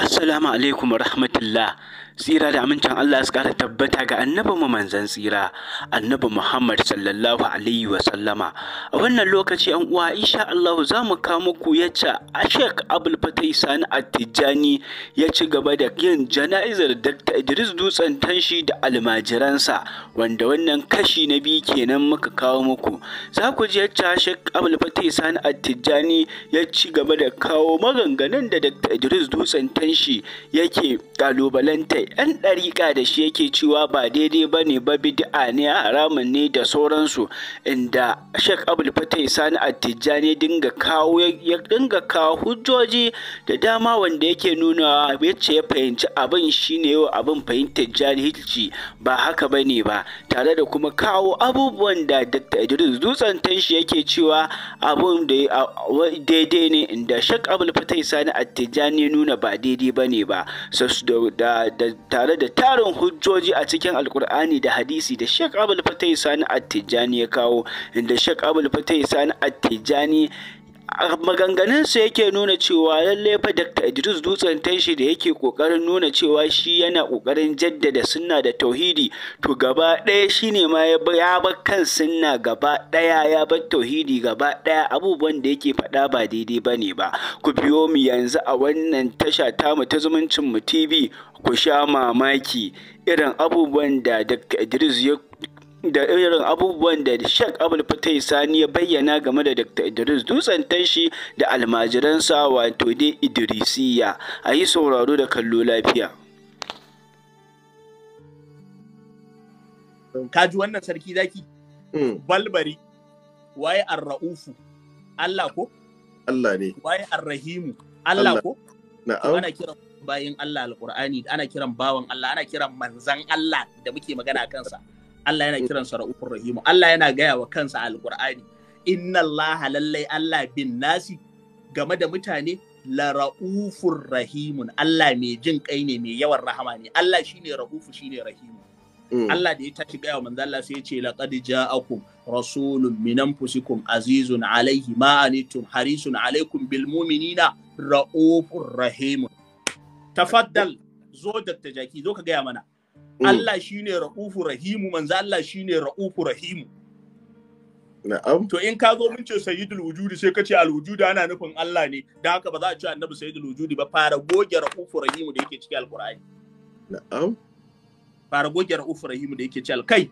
Assalamu alaikum rahmatullah. Tsira da amincin Allah su ƙara tabbata ga annabi mu manzan tsira, annabi Muhammad sallallahu alaihi wa sallama. A wannan lokaci an uwa insha Allah za mu kawo muku yacce Ashek Abul Fatai Sani Attijani ya ci gaba da yin jana'izar Dr. Idris Dutsen Tanshi da almajiransa wanda wannan kashi na biyu kenan muka kawo muku. Za ku ji yacce Ashek Abul Fatai Sani Attijani ya ci gaba da kawo maganganun da Dr. Idris Dutsen Tanshi shi yake kalubalanta yan ɗariƙa da shi yake cewa ba daidai ba ne ba bid'a ne haramun ne da sauransu inda shek abul Fatai Sani Attijani dinga kawo ya dinga kawo hujjoji da dama wanda yake nuna yace ya fahimci abin shine yau abin fahimtar jahilci ba haka ba ne ba tare da kuma kawo abubuwan da Idris Dutsen shi yake cewa abun da daidai ne inda shek abul Fatai Sani Attijani nuna ba daidai daidai ba ne ba tare da tarin hujjoji a cikin alkur'ani da hadisi da shek abul fatai sani attijani ya kawo inda shek abul fatai sani attijani a maganganunsa yake nuna cewa lallai fa Dr. Idris Dutsen tashi da yake kokarin nuna cewa shi yana kokarin jaddada sunna da tauhidi to gaba ɗaya shine ma ya bar kan sunna gaba ɗaya ya bar tauhidi gaba ɗaya abubuwan da yake faɗa ba daidai bane ba ku biyo mu yanzu a wannan tasha tamu ta zumuncin mu TV ku sha mamaki irin abubuwan da Dr. Idris ya da irin abubuwan da Sheikh Abul Fatai Sani ya bayyana game da Dr. Idris Dutsen Tanshi da almajiransa wato dai Idrisiya. A yi sauraro da kallo lafiya. Ka ji wannan sarki zaki? Hmm. Balbari, waye arra'ufu, raufu Allah ko? Allah ne. Waye arrahimu, rahimu Allah ko? Na'am. Ana kiran bayin Allah al-Qur'ani, ana kiran bawan Allah, ana kiran manzan Allah da muke magana kansa. Allah yana sa ra'ufur rahim Allah yana gaya wa kansa alqur'ani inna Allah lallai Allah bin nasi game da mutane la ra'ufur rahimun Allah mai jin kai ne mai yawan rahama ne Allah shine ra'ufu shine rahim mm. Allah da ya tashi gaya wa manzo Allah sai ya ce laqad ja'akum rasulun min anfusikum azizun alayhi ma anitum harisun alaykum bil mu'minina raufur rahim tafaddal zo Dr. Jaki zo ka gaya mana Mm. Allah shi ne ra'ufu rahimu manzo Allah ne ra'ufu rahimu na'am to in ka zo mun ce sayyidul wujudi sai ka ce al wujudi ana nufin Allah ne dan haka ba za a ce annabi sayyidul wujudi ba fara goge ra'ufu rahimu da yake cikin alqur'ani na'am fara goge ra'ufu rahimu da yake cikin Alkai.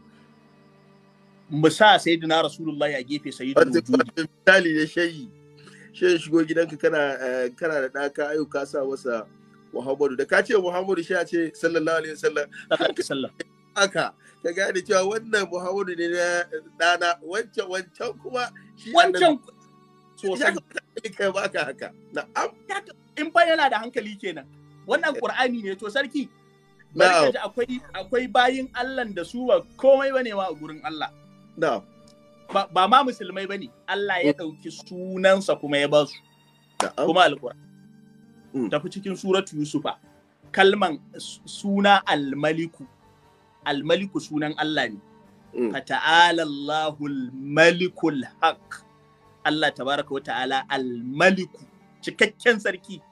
mu sa sayyidina rasulullahi a gefe sayyidul wujudi misali ne shayi shi shigo gidanka kana eh, kana da ɗaka ayo ka sa wasa Muhammadu da ka ce Muhammadu shi a ce sallallahu alaihi wasallam haka ka gane cewa wannan Muhammadu ne na dana wancan wancan kuma shi wancan sosai kai baka haka am in ba yana da hankali kenan wannan Qur'ani ne to sarki na'am akwai akwai bayin Allah da su ba komai bane ma a gurin Allah na'am ba ma musulmai bane Allah ya dauki sunansa kuma ya ba su kuma alƙur'ani Mm. tafi cikin suratu yusufa kalman suna almaliku maliku sunan Allah ne ka mm. ta'ala Allahul malikul haq Allah tabaraka wa ta'ala almaliku cikakken sarki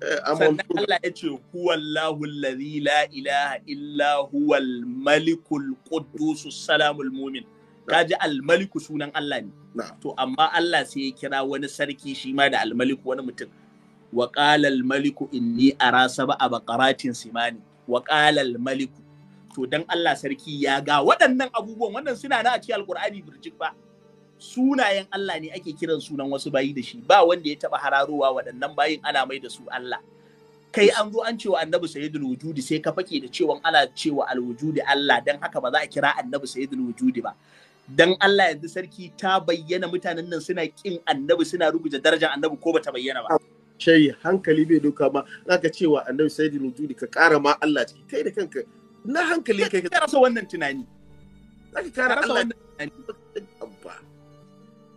eh, sannan Allah ya ce huwallahu alladhi la ilaha illa huwal malikul quddus salamul mumin kaji almaliku sunan Allah ne to amma Allah sai ya kira wani sarki shi ma da almaliku wani mutum wa qalal maliku inni ara sab'a baqaratin simani wa maliku to dan Allah sarki ya ga waɗannan abubuwan wannan suna na a cikin alkur'ani birjik ba sunayen Allah ne ake kiran sunan wasu bayi da shi ba wanda ya taba hararowa waɗannan bayin ana mai da su Allah kai an zo an cewa annabi sayyidul wujudi sai ka fake da cewa ana cewa alwujudi Allah dan haka ba za a kira annabi sayyidul wujudi ba dan Allah yanzu sarki ta bayyana mutanen nan suna kin annabi suna rubuta darajar annabi ko bata bayyana ba shayi hankali bai doka ma ce cewa annabi sayyidul wujudi ka kara ma Allah ciki kai da kanka na hankali kai ka rasa wannan tunani ka kara Allah abba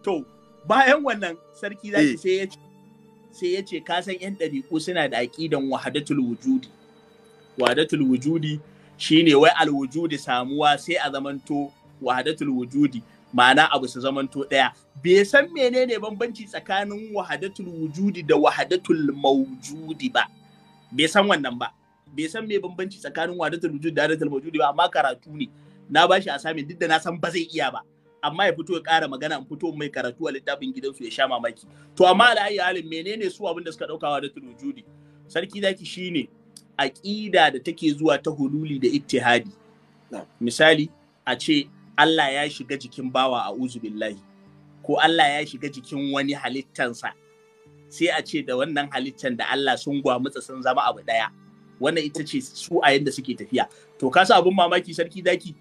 to bayan wannan sarki zaki eh. sai ya ce sai ya ce ka san yan ɗabi'u suna da aqidan wahadatul wujudi wahadatul wujudi shine wai al wujudi samuwa sai a zamanto wahadatul wujudi ma'ana abu su zamanto ɗaya bai san menene bambanci tsakanin wahadatul wujudi da wahadatul maujudi ba bai san wannan ba bai san me bambanci tsakanin wahadatul wujudi da wahadatul maujudi ba amma karatu ne na bashi a sami duk da na san ba zai iya ba amma ya fito ya ƙara magana in fito mai karatu a littafin gidansu ya sha mamaki to amma da ayi halin menene su abin da suka dauka wahadatul wujudi sarki zaki shine aqida da take zuwa ta hululi da ittihadi misali a ce Allah ya shiga jikin bawa a billahi ko Allah ya shiga jikin wani halittansa sai a ce da wannan halittan da Allah sun gwamutsa sun zama abu ɗaya wannan ita ce su a yadda suke tafiya to ka sa abin mamaki sarki daki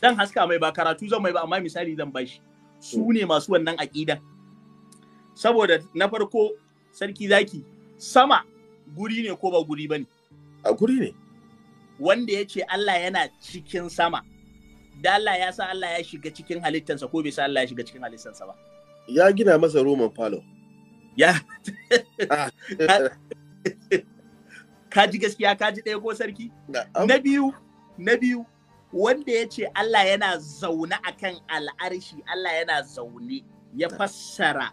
dan haska mai ba karatu zan mai ba amma misali zan ba shi. su ne masu wannan aƙidan saboda na farko sarki zaki sama guri ne ko ba guri ba a guri ne wanda ya ce Allah yana cikin sama da Allah ya sa Allah ya shiga cikin halittansa ko bai sa Allah ya shiga cikin halittansa ba ya gina masa Roman Palo ya ah. ka ji gaskiya ka ji ɗaya ko sarki na biyu na biyu wanda ya ce Allah yana zaune a kan al'arshi Allah yana zaune ya fassara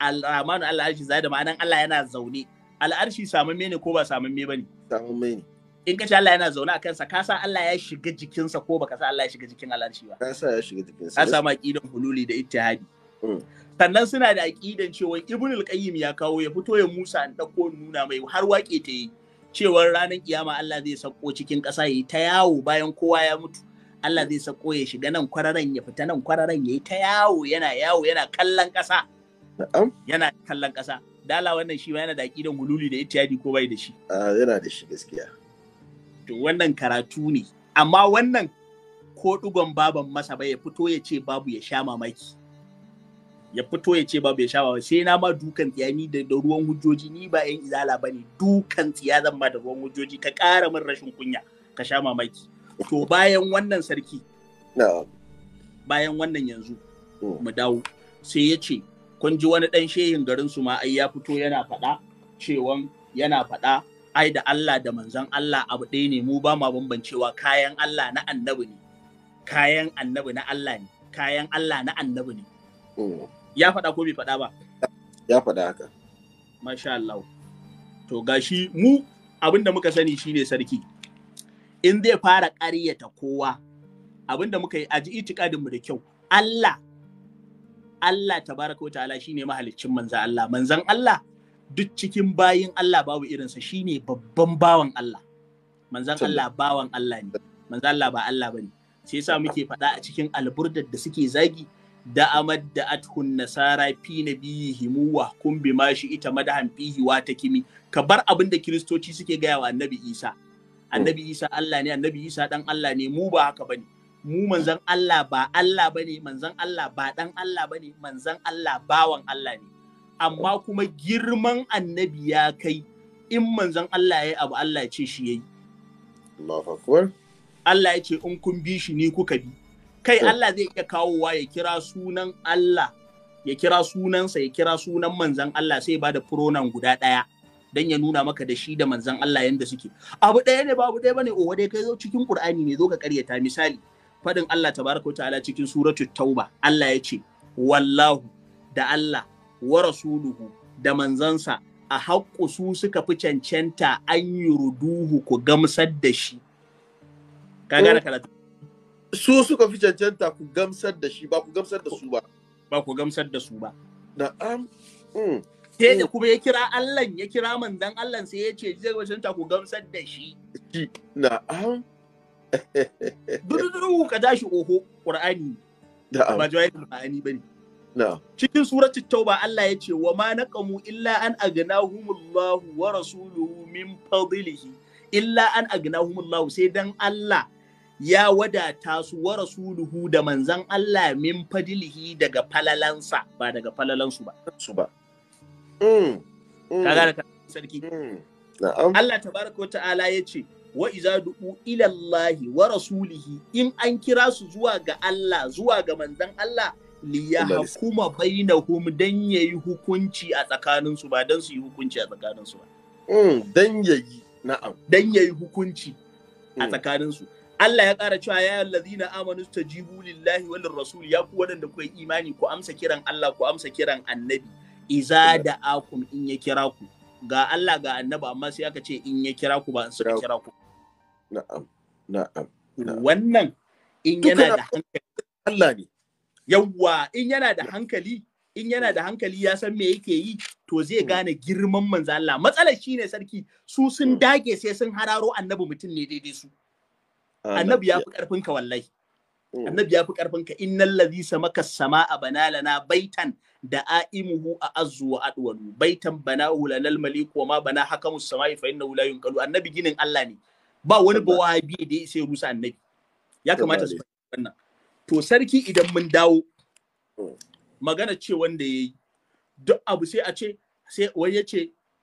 al'amanu al'arshi zai da ma'anan Allah yana zaune al'arshi samun mene ko ba samun me ne? samun mene in ka ce Allah yana zaune a kansa ka sa Allah ya shiga jikinsa ko baka sa Allah ya shiga jikin shi ba ka sa ya shiga jikinsa ka sa ma aqidan hululi da ittihadi mm. sannan suna da aqidan cewa ibn al-qayyim ya kawo ya fito ya Musa an dauko nuna mai har waƙe ta yi Cewa ranar kiyama Allah zai sako cikin ƙasa yi ta yawo bayan kowa ya mutu Allah zai sako ya shiga nan kwararan ya fita nan kwararan ya yi ta yawo yana yawo yana kallon ƙasa yana kallon ƙasa dala wannan shi ma yana da aqidan hululi da ittihadi ko bai da shi ah, yana da shi gaskiya to wannan karatu ne amma wannan ko ɗugon baban masa ba ya fito ya ce babu ya sha mamaki ya fito ya ce babu ya sha mamaki sai na ma dukan tsiya ni da ruwan hujjoji ni ba yan izala ba ne dukan tsiya zan ma da ruwan hujjoji ka ƙara min rashin kunya ka sha mamaki to bayan wannan sarki bayan wannan yanzu mm. mu dawo sai ya ce kun ji wani ɗan shehin garin su ma ai ya fito yana faɗa cewan yana faɗa ai da Allah da manzon Allah abu ɗaya ne mu ba ma bambancewa kayan Allah na annabi ne kayan annabi na Allah ne kayan Allah na annabi ne mm. ya faɗa ko bai faɗa ba ya faɗa haka masha Allah to gashi mu abin da muka sani shine sarki in zai fara ƙaryata kowa abin da muka yi aji itikadin mu da kyau Allah Allah tabaraka wa ta'ala shine mahaliccin manzan Allah manzan Allah duk cikin bayin Allah babu irinsa shine babban bawan Allah manzan Allah bawan Allah ne manzan Allah ba Allah bane sai yasa muke faɗa a cikin alburdar da suke zagi da amad da athun nasara fi nabiyihi wa kun bi mashi ita madahan fihi wa takimi ka bar abin da kiristoci suke gaya wa annabi Isa annabi Isa Allah ne annabi Isa dan Allah ne mu ba haka bane mu manzan Allah ba Allah bane manzan Allah ba dan Allah bane manzan Allah bawan Allah ne amma kuma girman annabi ya kai in manzon Allah ya abu Allah ya ce shi yayi Allah ya ce in kun bi shi ni kuka bi kai Allah zai iya kawowa ya kira sunan Allah ya kira sunansa ya kira sunan manzan Allah sai ba da pronoun guda ɗaya dan ya nuna maka da shi da manzan Allah yanda suke abu ɗaya ne ba abu ɗaya bane owa dai kai zo cikin Qur'ani ne zo ka karyata misali fadin Allah ta tabaraka ta'ala cikin suratu tauba Allah ya ce wallahu da Allah wa rasuluhu da manzansa a haƙƙu su suka fi cancanta an yi ruduhu ku gamsar da shi. Ka eh, gane karatu. Su suka fi cancanta ku gamsar da shi ba ku gamsar da su ba. Ba ku gamsar da su ba. Na'am. Hmm. Sai da hmm. kuma ya kira Allah ya kira manzan Allah sai ya ce zai ta ku gamsar da shi. Na'am. Dudu ka tashi oho ƙur'ani. Na'am. Ba jawai ba ne. cikin suratul tauba Allah ya ce wa ma naqamu illa an agnahumullahu wa rasuluhu min fadlihi illa an agnahumullahu sai dan Allah ya wadata su wa rasuluhu da manzan Allah min fadlihi daga falalansa ba daga falalansu ba su ba mm, mm. ka gane ka sarki mm, Allah tabaraka wa ta'ala ya ce wa iza du'u Allah wa rasulihi in an kira su zuwa ga Allah zuwa ga manzan Allah liya hakuma hum dan yayi hukunci a tsakaninsu ba dan su yi hukunci a tsakaninsu ba mm, dan yayi na'am dan yayi hukunci a mm. tsakaninsu Allah ya ƙara cewa ya allazina amanu tajibu lillahi wal rasul ya ku wadanda ku imani ku amsa kiran Allah ku amsa kiran annabi iza da akum in ya kira ku ga Allah ga annabi amma sai aka ce in ya kira ku ba su kira ku na'am na'am wannan in yana da hankali Allah ne yawwa in yana da hankali in yana da hankali ya san me yake yi to zai mm. gane girman manzo Allah matsalar shine sarki su sun mm. dage sai sun hararo annabi mutum ne daidai su annabi ya fi karfin ka wallahi mm. annabi ya fi karfin ka innal ladhi samaka samaa banalana baitan da aimuhu a azu wa adwalu baitan bana lanal malik wa ma bana hakamus samai fa innahu la yunqalu annabi ginin Allah ne ba wani bawabi da ya sai rusa annabi ya kamata su wannan to sarki idan mun dawo hmm. magana ce wanda ya yi duk abu sai a ce sai wai ya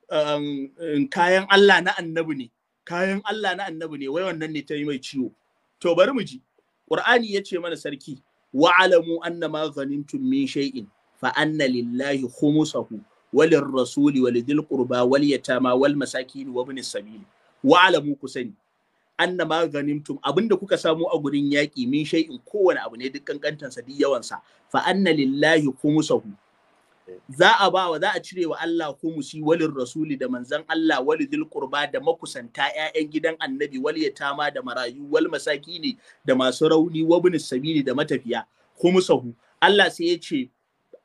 um, um, kayan Allah na annabi ne kayan Allah na annabi ne wai wannan ne ta yi mai ciwo to bari mu ji Qur'ani ya ce mana sarki wa alamu ma ghanimtum min shay'in fa anna lillahi humusahu, walin rasuli walidil qurba wal yatama wal masakin wa ibn sabil wa alamu ku sani anna tum abin abinda kuka samu a gurin yaƙi min shay'in kowane abu ne duk kankantan sa duk yawan sa fa anna lillahi kumusahu za a ba wa za a cire wa Allah khumsi walin rasuli da manzan Allah walidil qurba da makusanta ƴaƴan gidan annabi wal yatama da marayu wal masakini da masu rauni wa sabili da matafiya khumsahu Allah sai ya ce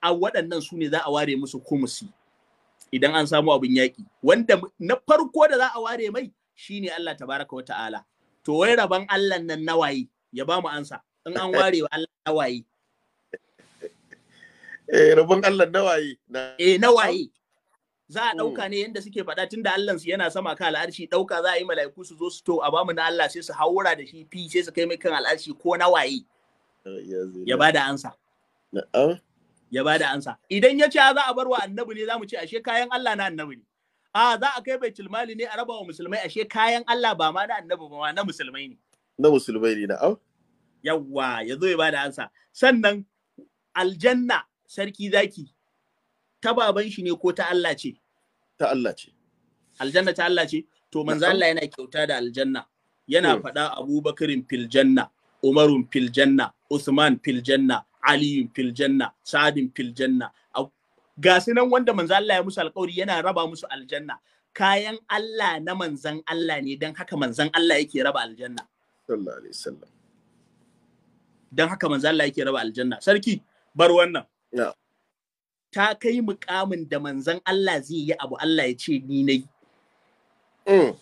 a waɗannan su ne za a ware musu kumusi idan an samu abin yaƙi wanda na farko da za a ware mai shine Allah tabaraka wa ta'ala to wai rabon Allah nan nawayi ya ba mu ansa in an ware wa Allah nawayi eh rabon Allah nawayi eh nawayi za a hmm. ɗauka ne yadda suke faɗa tun da Allahnsu yana sama ka al'arshi Ɗauka za a yi mala'iku su zo su to a ba mu na Allah sai su haura da shi fi sai su kai mai kan al'arshi ko nawayi ah, ya ba da ansa ya ba da ansa idan ya ce za a bar wa annabi ne za mu ce ashe kayan Allah na annabi ne a za a kai bai cilmali ne a raba wa musulmai ashe kayan Allah ba ma na annabi ba na musulmai ne na musulmai ne na'am yawwa ya zo ya bada ansa sannan aljanna sarki zaki ta baban shi ne ko ta Allah ce ta Allah ce aljanna ta Allah ce to manzo Allah yana kyauta da aljanna yana eh. faɗa abubakarin filjanna, janna umarun fil usman filjanna, janna aliyun fil janna sa'adin fil ga su nan wanda manzo Allah ya musu alƙawari yana raba musu aljanna kayan Allah na manzan Allah ne don haka manzan Allah yake raba aljanna sallallahu alaihi wasallam don haka manzan Allah yake raba aljanna sarki bar wannan ta kai mukamin da manzan Allah zai yi abu Allah ya ce ni nayi mm.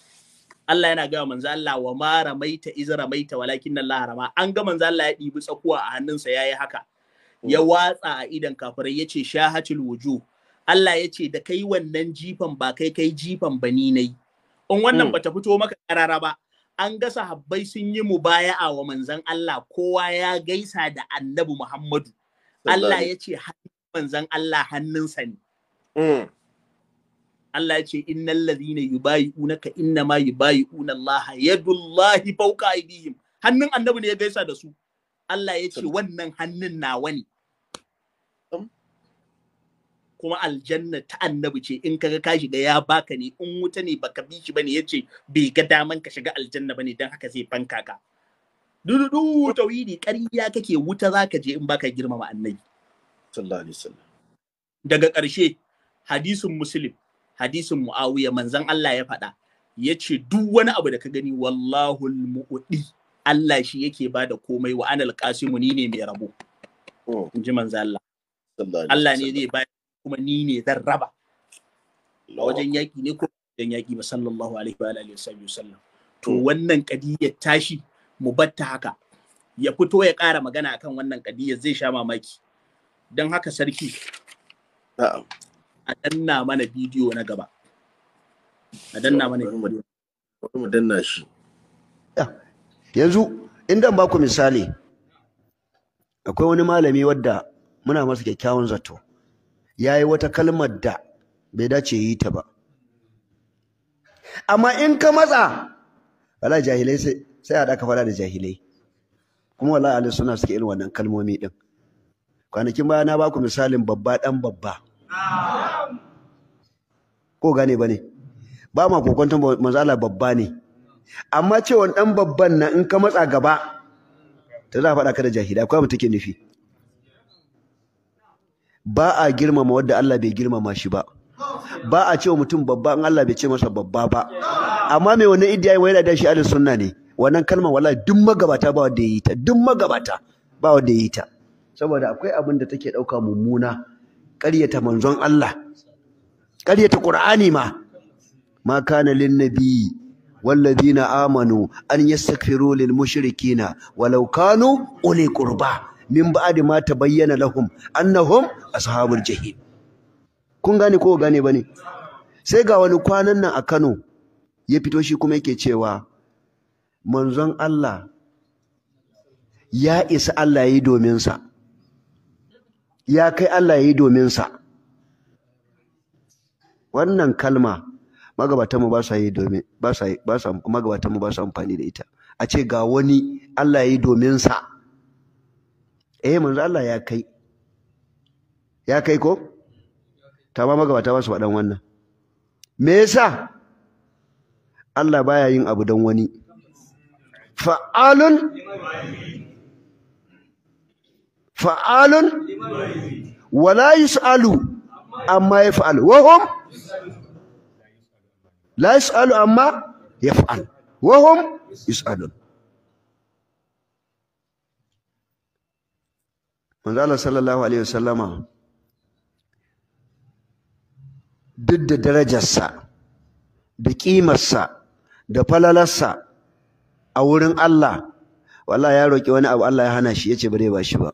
Allah yana gaya manzo Allah wa mara maita, iz maita, walakin Allah rama an ga manzo Allah ya ɗibi tsakuwa a hannunsa yayi haka ya watsa a idan kafirai ya ce shahatul wuju Allah ya ce da kai wannan jifan ba kai kai jifan ba ni nayi in wannan mm. bata fito maka karara ba an ga sahabbai sun yi mubaya'a wa manzon Allah kowa ya gaisa da annabi Muhammadu Allah ya ce manzon Allah hannunsa ne mm. Allah ya ce innal ladhina yubayi'unaka innama yubayi'una Allah yadullahi fawqa aydihim hannun annabi ne ya gaisa da su Allah ya ce wannan hannun nawa ne kuma aljanna ta annabi ce in kaga ka shiga ya baka ne in wuta ne baka bi shi bane ce bai ga daman ka shiga aljanna bane don haka zai fanka ka dudu ne ƙarya kake wuta zaka je in baka girmama annabi sallallahu alaihi wasallam daga ƙarshe hadisin muslim hadisin muawiya manzon Allah ya faɗa ya ce duk wani abu da ka gani wallahul mu'udi. Allah shi yake ba da komai wa anal kasimu ni ne mai rabo oh. in ji manzo Allah Allah ne zai ba kuma ni ne zan raba wajen yaƙi ne ko wajen yaƙi ba sallallahu alaihi wa alihi wasallam to hmm. wannan kadiyar tashi mu batta haka ya fito ya ƙara magana akan wannan kadiyar zai sha mamaki don haka sarki a danna mana bidiyo na gaba a danna mana bidiyo mu danna shi yanzu inda ba ku misali akwai wani malami wadda muna masa kyakkyawan zato ya yi wata kalmar da bai dace yi ta ba amma in ka matsa wala jahilai sai a daka fara da jahilai kuma wala ali suna suke irin wannan kalmomi din kwanakin baya na baku misalin babba dan babba ko gane ba ne ba ma kokon manzala babba ne amma cewa dan babban na in ka matsa gaba to za a faɗa ka da jahili akwai abin ke nufi ba a girmama wanda Allah bai girmama shi ba ba a cewa mutum babba in Allah bai ce masa babba ba amma mai wannan idiya wai da shi ahlus sunna ne wannan kalmar wala duk magabata ba wanda yi ta duk magabata ba wanda yi ta saboda akwai abin da take dauka mummuna ƙaryata manzon Allah ƙaryata Qur'ani ma ma kana lin nabi wallazina amanu an yastaghfiru lil mushrikina walau kanu uli qurba min ba'di ma tabayyana lahum annahum ashabul jahim kun gane ko gane bane sai ga wani kwanan nan a Kano ya fito shi kuma yake cewa manzon Allah ya isa Allah yi domin sa ya kai Allah yi domin sa wannan kalma magabatan mu ba sa yi domin ba sa ba sa magabatan mu ba sa amfani da ita a ce ga wani Allah ya yi domin sa eh manzo Allah ya kai ya kai ko ta ba magabata ba su faɗan wannan me yasa Allah baya yin abu don wani fa'alun fa'alun wala yus'alu amma yaf'al wa hum la yas'alu amma yaf'al wa hum yas'alun manzo sallallahu alaihi wasallama duk da darajarsa da kimarsa da falalarsa a wurin Allah wallahi ya roki wani abu Allah ya hana shi yace bare ba shi ba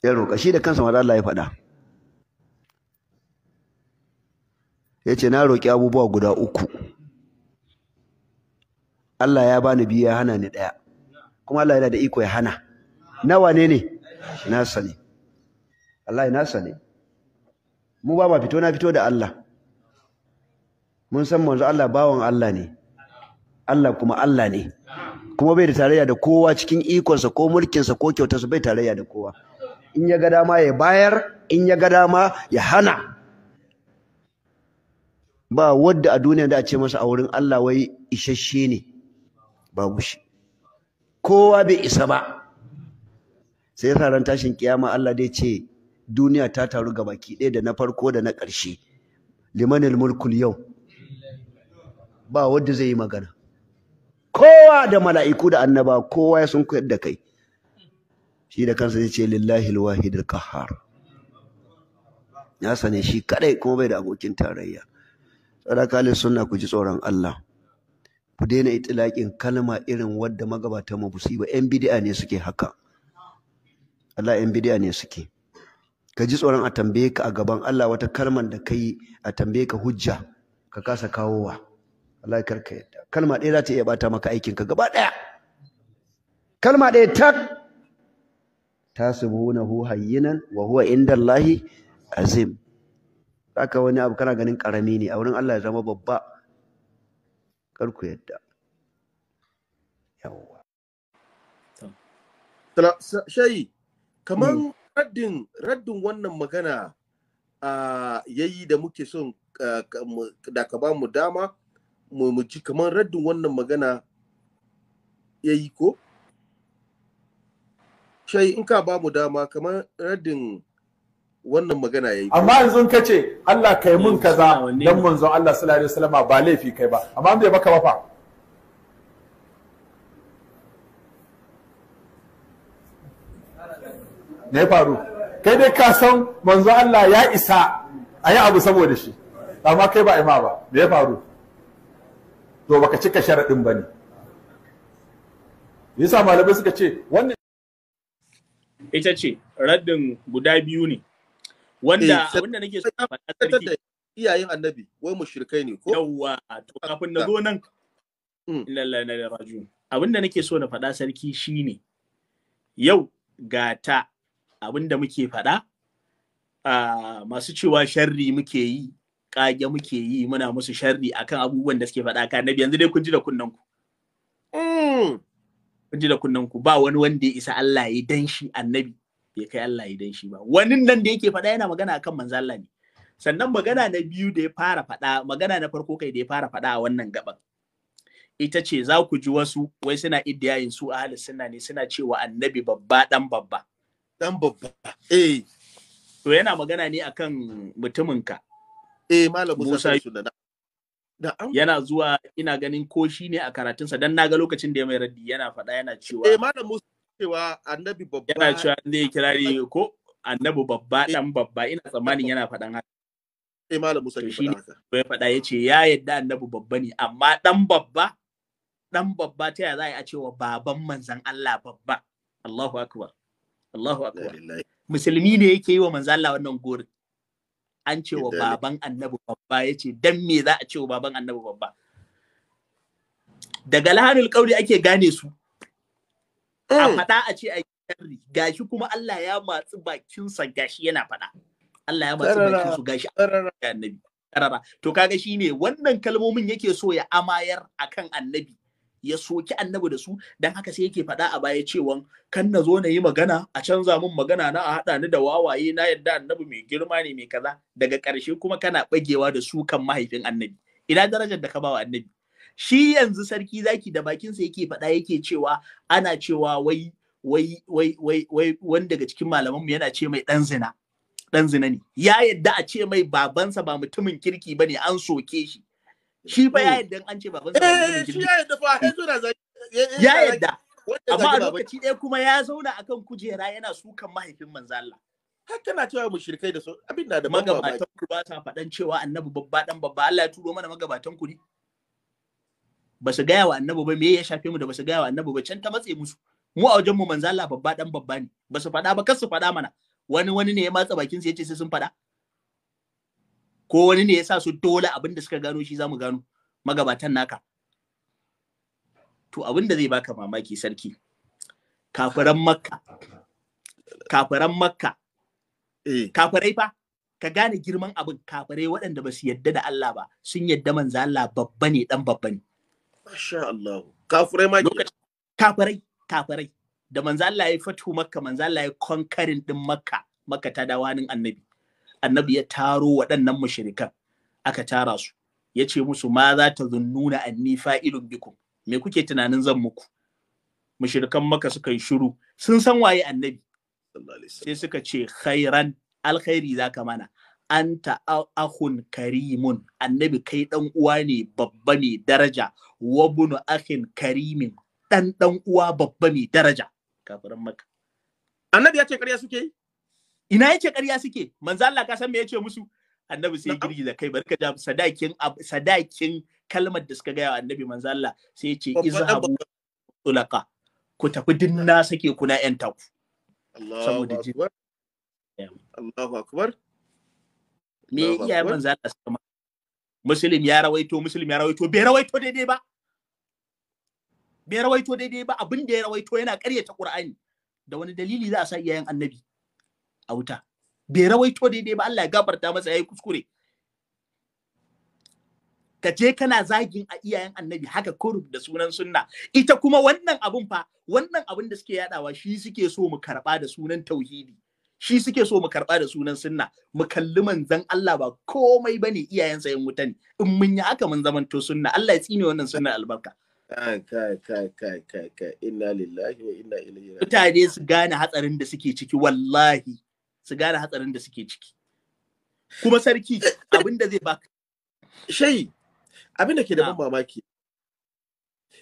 ya roka shi da kansa manzo Allah ya faɗa ya ce na roƙi abubuwa guda uku Allah ya bani biyu ya hana ni ɗaya kuma Allah yana da iko ya hana nawa ne ne Na sani. Allah na sani. mu ba ma fito na fito da Allah mun san manzo Allah bawan Allah ne Allah kuma Allah ne kuma bai da tarayya da kowa cikin ikonsa ko mulkin sa ko kyautar sa bai tarayya da kowa in ya ga dama ya bayar in ya ga dama ya hana ba wadda a duniya da a ce masa a wurin Allah wai isasshe ne ba kowa bai isa ba sai yasa ran tashin kiyama Allah dai ce duniya ta taru ga baki ɗaya da na farko da na ƙarshe limanil mulkul yau ba wadda zai yi magana kowa da mala'iku da annaba kowa ya sun koyar da kai shi da kansa zai ce lillahi alwahidul kahar. ya sane shi kadai kuma bai da abokin tarayya tsarakalin suna ku ji tsoron Allah ku daina itilaƙin kalma irin wadda magabata mu busi ba yan bid'a ne suke haka Allah yan bid'a ne suke ka ji tsoron a tambaye ka a gaban Allah wata kalman da kai a tambaye ka hujja ka kasa kawowa Allah ya karka yadda kalma ɗaya za ta iya bata maka aikin ka gaba ɗaya kalma ɗaya tak tasibunahu hayyinan wa huwa indallahi azim zaka wani abu kana ganin karami ne a wurin Allah ya zama babba kar ku yadda yawwa shayi kaman hmm. raddin raddin wannan magana a yayi da muke son da ka ba mu dama mu ji kaman raddin wannan magana yayi ko shayi in ka ba mu dama kaman raddin wannan magana yayi amma yanzu ka ce Allah kai mun kaza dan manzon Allah sallallahu alaihi wasallam ba laifi kai ba amma bai baka ba fa ne faru kai dai ka san manzon Allah ya isa a yi abu saboda shi amma kai ba ima ba me ya faru to baka cika sharadin ba ne yasa malamai suka ce wannan ita ce raddin guda biyu ne wanda wanda eh, nake so faɗa iyayen annabi wai mushrikai ne ko yawa to kafin na zo nan mm. lallai na nake so na faɗa sarki shine yau ga ta da muke faɗa masu cewa sharri muke yi kage muke yi muna musu sharri akan abubuwan da suke faɗa ka annabi yanzu dai kun ji da kunnanku. ku mm. kun ji da kunnanku, ku ba wani wanda ya isa Allah ya dan shi annabi bai kai Allah ya shi ba wani nan da yake faɗa yana magana akan manzo Allah ne sannan magana na biyu da ya fara faɗa magana na farko kai da ya fara faɗa a wannan gaban ita ce za ku ji wasu wai suna iddiyayin su ahli sunna ne suna cewa annabi babba dan babba dan babba eh to yana magana ne akan mutumin ka eh malamu Musa yana zuwa ina ganin ko shi ne a karatunsa dan naga lokacin da ya mai raddi yana faɗa yana cewa eh malamu Musa cewa annabi babba yana cewa zai kirari ko annabi babba eh. dan babba ina tsammanin yana faɗan haka sai eh, malam Musa ke faɗa haka ya faɗa yace ya yadda annabi babba ne amma dan babba dan babba ta yaya za a cewa baban manzon Allah babba Allahu akbar Allahu akbar musulmi ne yake yi wa manzon Allah wannan gori. an cewa baban annabi babba yace dan me za a cewa baban annabi babba daga lahanul kauri ake gane su a faɗa eh. a ce a sharri gashi kuma Allah ya matsi bakinsa gashi yana faɗa Allah ya matsi bakinsu gashi annabi karara to kaga shine wannan kalmomin yake so ya amayar akan annabi ya soki annabi da su dan haka sai yake faɗa a baya cewan kan na zo na yi magana a canza min magana na a haɗa ni da wawaye na yadda annabi mai girma ne mai kaza daga ƙarshe kuma kana ɓagewa da su kan mahaifin annabi ina darajar da ka bawa annabi shi yanzu sarki zaki da bakinsa yake faɗa yake cewa ana cewa wai wai wai wai wai wani daga cikin malamanmu yana ce mai ɗan zina ɗan zina ne ya yadda a ce mai babansa ba mutumin kirki ba ne an soke shi shi fa ya yadda an ce babansa ba mutumin eh, kirki ya yadda fa ya yadda amma a lokaci ɗaya kuma ya zauna akan kujera yana sukan mahaifin manzo Allah har cewa mu shirkai da su abin da da magabatan ku ba sa faɗan cewa annabi babba dan babba Allah ya turo mana magabatan ku ne ba su gaya wa annabi ba me ya shafe mu da ba su gaya wa annabi ba can ta matse musu mu a wajen mu manzo Allah babba dan babba ne ba su faɗa ba kar su faɗa mana wani wani ne ya matsa bakin su yace sai sun faɗa ko wani ne ya sa su dole abin da suka gano shi zamu gano magabatan naka to abin da zai baka mamaki sarki kafiran makka kafiran makka eh. kafirai fa ka gane girman abin kafirai waɗanda ba su yadda da Allah ba sun yadda manzo Allah babba ne dan babba ne Masha Allah. Kafirai ma Kafirai, kafirai. Da manzo Allah ya fatu Makka, manzo Allah ya konkarin din Makka, Makka ta wani Annabi. Annabi ya taro waɗannan mushrikan. Aka tara su. Ya ce musu ma za ta zunnuna anni fa'ilun bikum. Me kuke tunanin zan muku? Mushrikan Makka suka yi shiru. Sun san waye Annabi. Sai suka ce khairan alkhairi zaka mana. anta ahun karimun annabi kai dan uwa ne babba ne daraja wa akhin karimin dan dan uwa babba ne daraja kafirin maka annabi ya ce ƙarya suke yi ina yace ƙarya suke manzo Allah ka san me yace musu annabi sai girgiza kai barka da sadakin sadakin kalmar da suka gaya wa annabi manzo Allah sai yace izhabu tulaka ku tafi dinna sake kuna yan taku Allahu akbar Allahu akbar me iyayen manzo Allah suka ma Musulun ya rawaito Musulun ya rawaito bai rawaito daidai ba bai rawaito daidai ba abin da ya rawaito yana ƙaryata Qur'ani da wani dalili za a sa iyayen annabi a wuta bai rawaito daidai ba Allah ya gafarta masa yayi kuskure ka je kana zagin a iyayen annabi haka kurub da sunan sunna ita kuma wannan abun fa wannan abun da suke yadawa shi suke so mu karba da sunan tauhidi shi suke so mu karɓa da sunan sunna mu kalli manzan Allah ba komai bane iyayensa yan wuta ne in mun yi haka mun zamanto sunna Allah ya tsine wannan sunna albarka kai kai kai kai kai inna lillahi wa inna ilaihi raji'un mutane su gane hatsarin da suke ciki wallahi su gane hatsarin da suke ciki kuma sarki abin da zai baka shei abin da ke da ban mamaki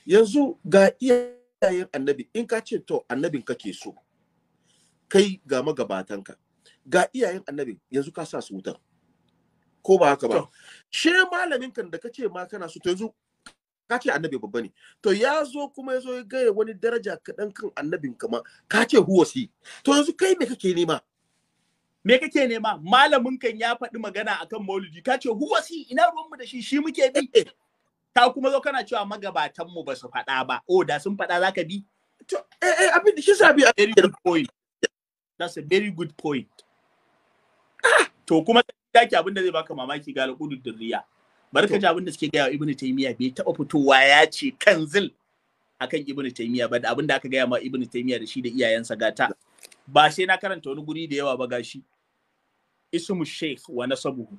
yanzu ga iyayen annabi in ka ce to annabin kake so kai ga magabatanka ga iyayen annabi yanzu ka sa su wutar ko ba haka ba she malamin kan da kace ma kana su to yanzu ka ce annabi babba ne to ya zo kuma ya ya gaya wani daraja kaɗan kan annabin kama ka ce si to yanzu kai me kake nema me kake nema malamin kan ya faɗi magana akan maulidi ka ce si ina ruwanmu da shi shi muke bi eh, eh. ta kuma zo kana cewa magabatanmu ba su faɗa ba o oh, da sun faɗa za ka bi to eh eh abin da shi sabi a That's a very good point. To kuma take abin da zai baka mamaki ga alƙudu riya, Bari ka ji abin da suke gaya wa Ibn Taymiya bai taɓa fitowa ya ce kanzil akan Ibn Taymiya ba da abin da aka gaya ma Ibn Taymiya da shi da iyayensa gata. Ba sai na karanta wani guri da yawa ba gashi. Ismu Sheikh wa nasabuhu.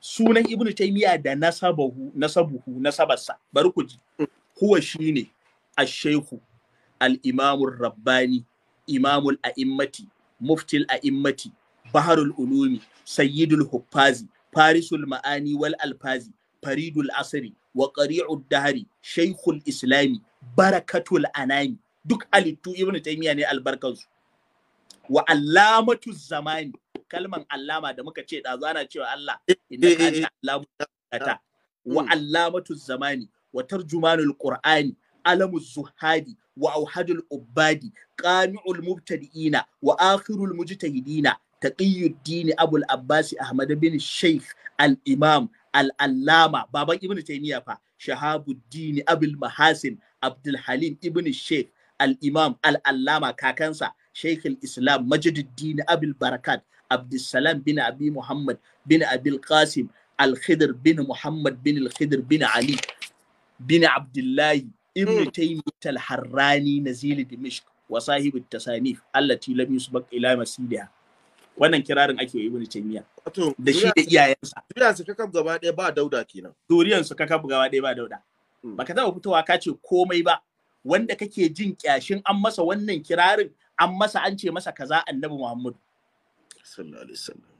Sunan Ibn Taymiya da nasabuhu, nasabuhu, nasabarsa. Bari ku ji. Mm. Huwa shine ash sheikh al-imamur rabbani imamul a'immati muftil a'immati baharul unumi, sayyidul huffazi farisul ma'ani wal alfazi faridul asiri, wa qari'ud dahri shaykhul islami barakatul anami duk alittu ibnu taymiya ne albarkansu wa allamatu zamani kalman allama da muka ce da ana cewa Allah idan ka ji allamatu wa zamani wa tarjumanul qur'ani Alamuz zuhadi wa auhadul ubbadi qani'ul mubtadi'ina wa akhirul mujtahidina taqiyuddin abul abbasi ahmad bin sheikh al-imam al-allama baban ibnu taymiya fa shahabuddin abul mahasin abdul sheikh al-imam al-allama kakansa sheikh al-islam majiduddin abul barakat abdussalam bin abi muhammad bin abil qasim al-khidr bin muhammad bin al bin ali bin abdullahi ibn hmm. taymiyyah al-harrani nazil dimishk wa sahibi tasanif allati lam yusbaq ila masidiha wannan kirarin ake ibn taymiyyah da shi da iyayensa su kakab gaba ɗaya ba dauda kenan su kakab gaba ɗaya ba dauda hmm. baka taba fitowa ka ce komai ba wanda kake jin kyashin an masa wannan kirarin an masa an ce masa kaza annabi muhammad sallallahu alaihi wasallam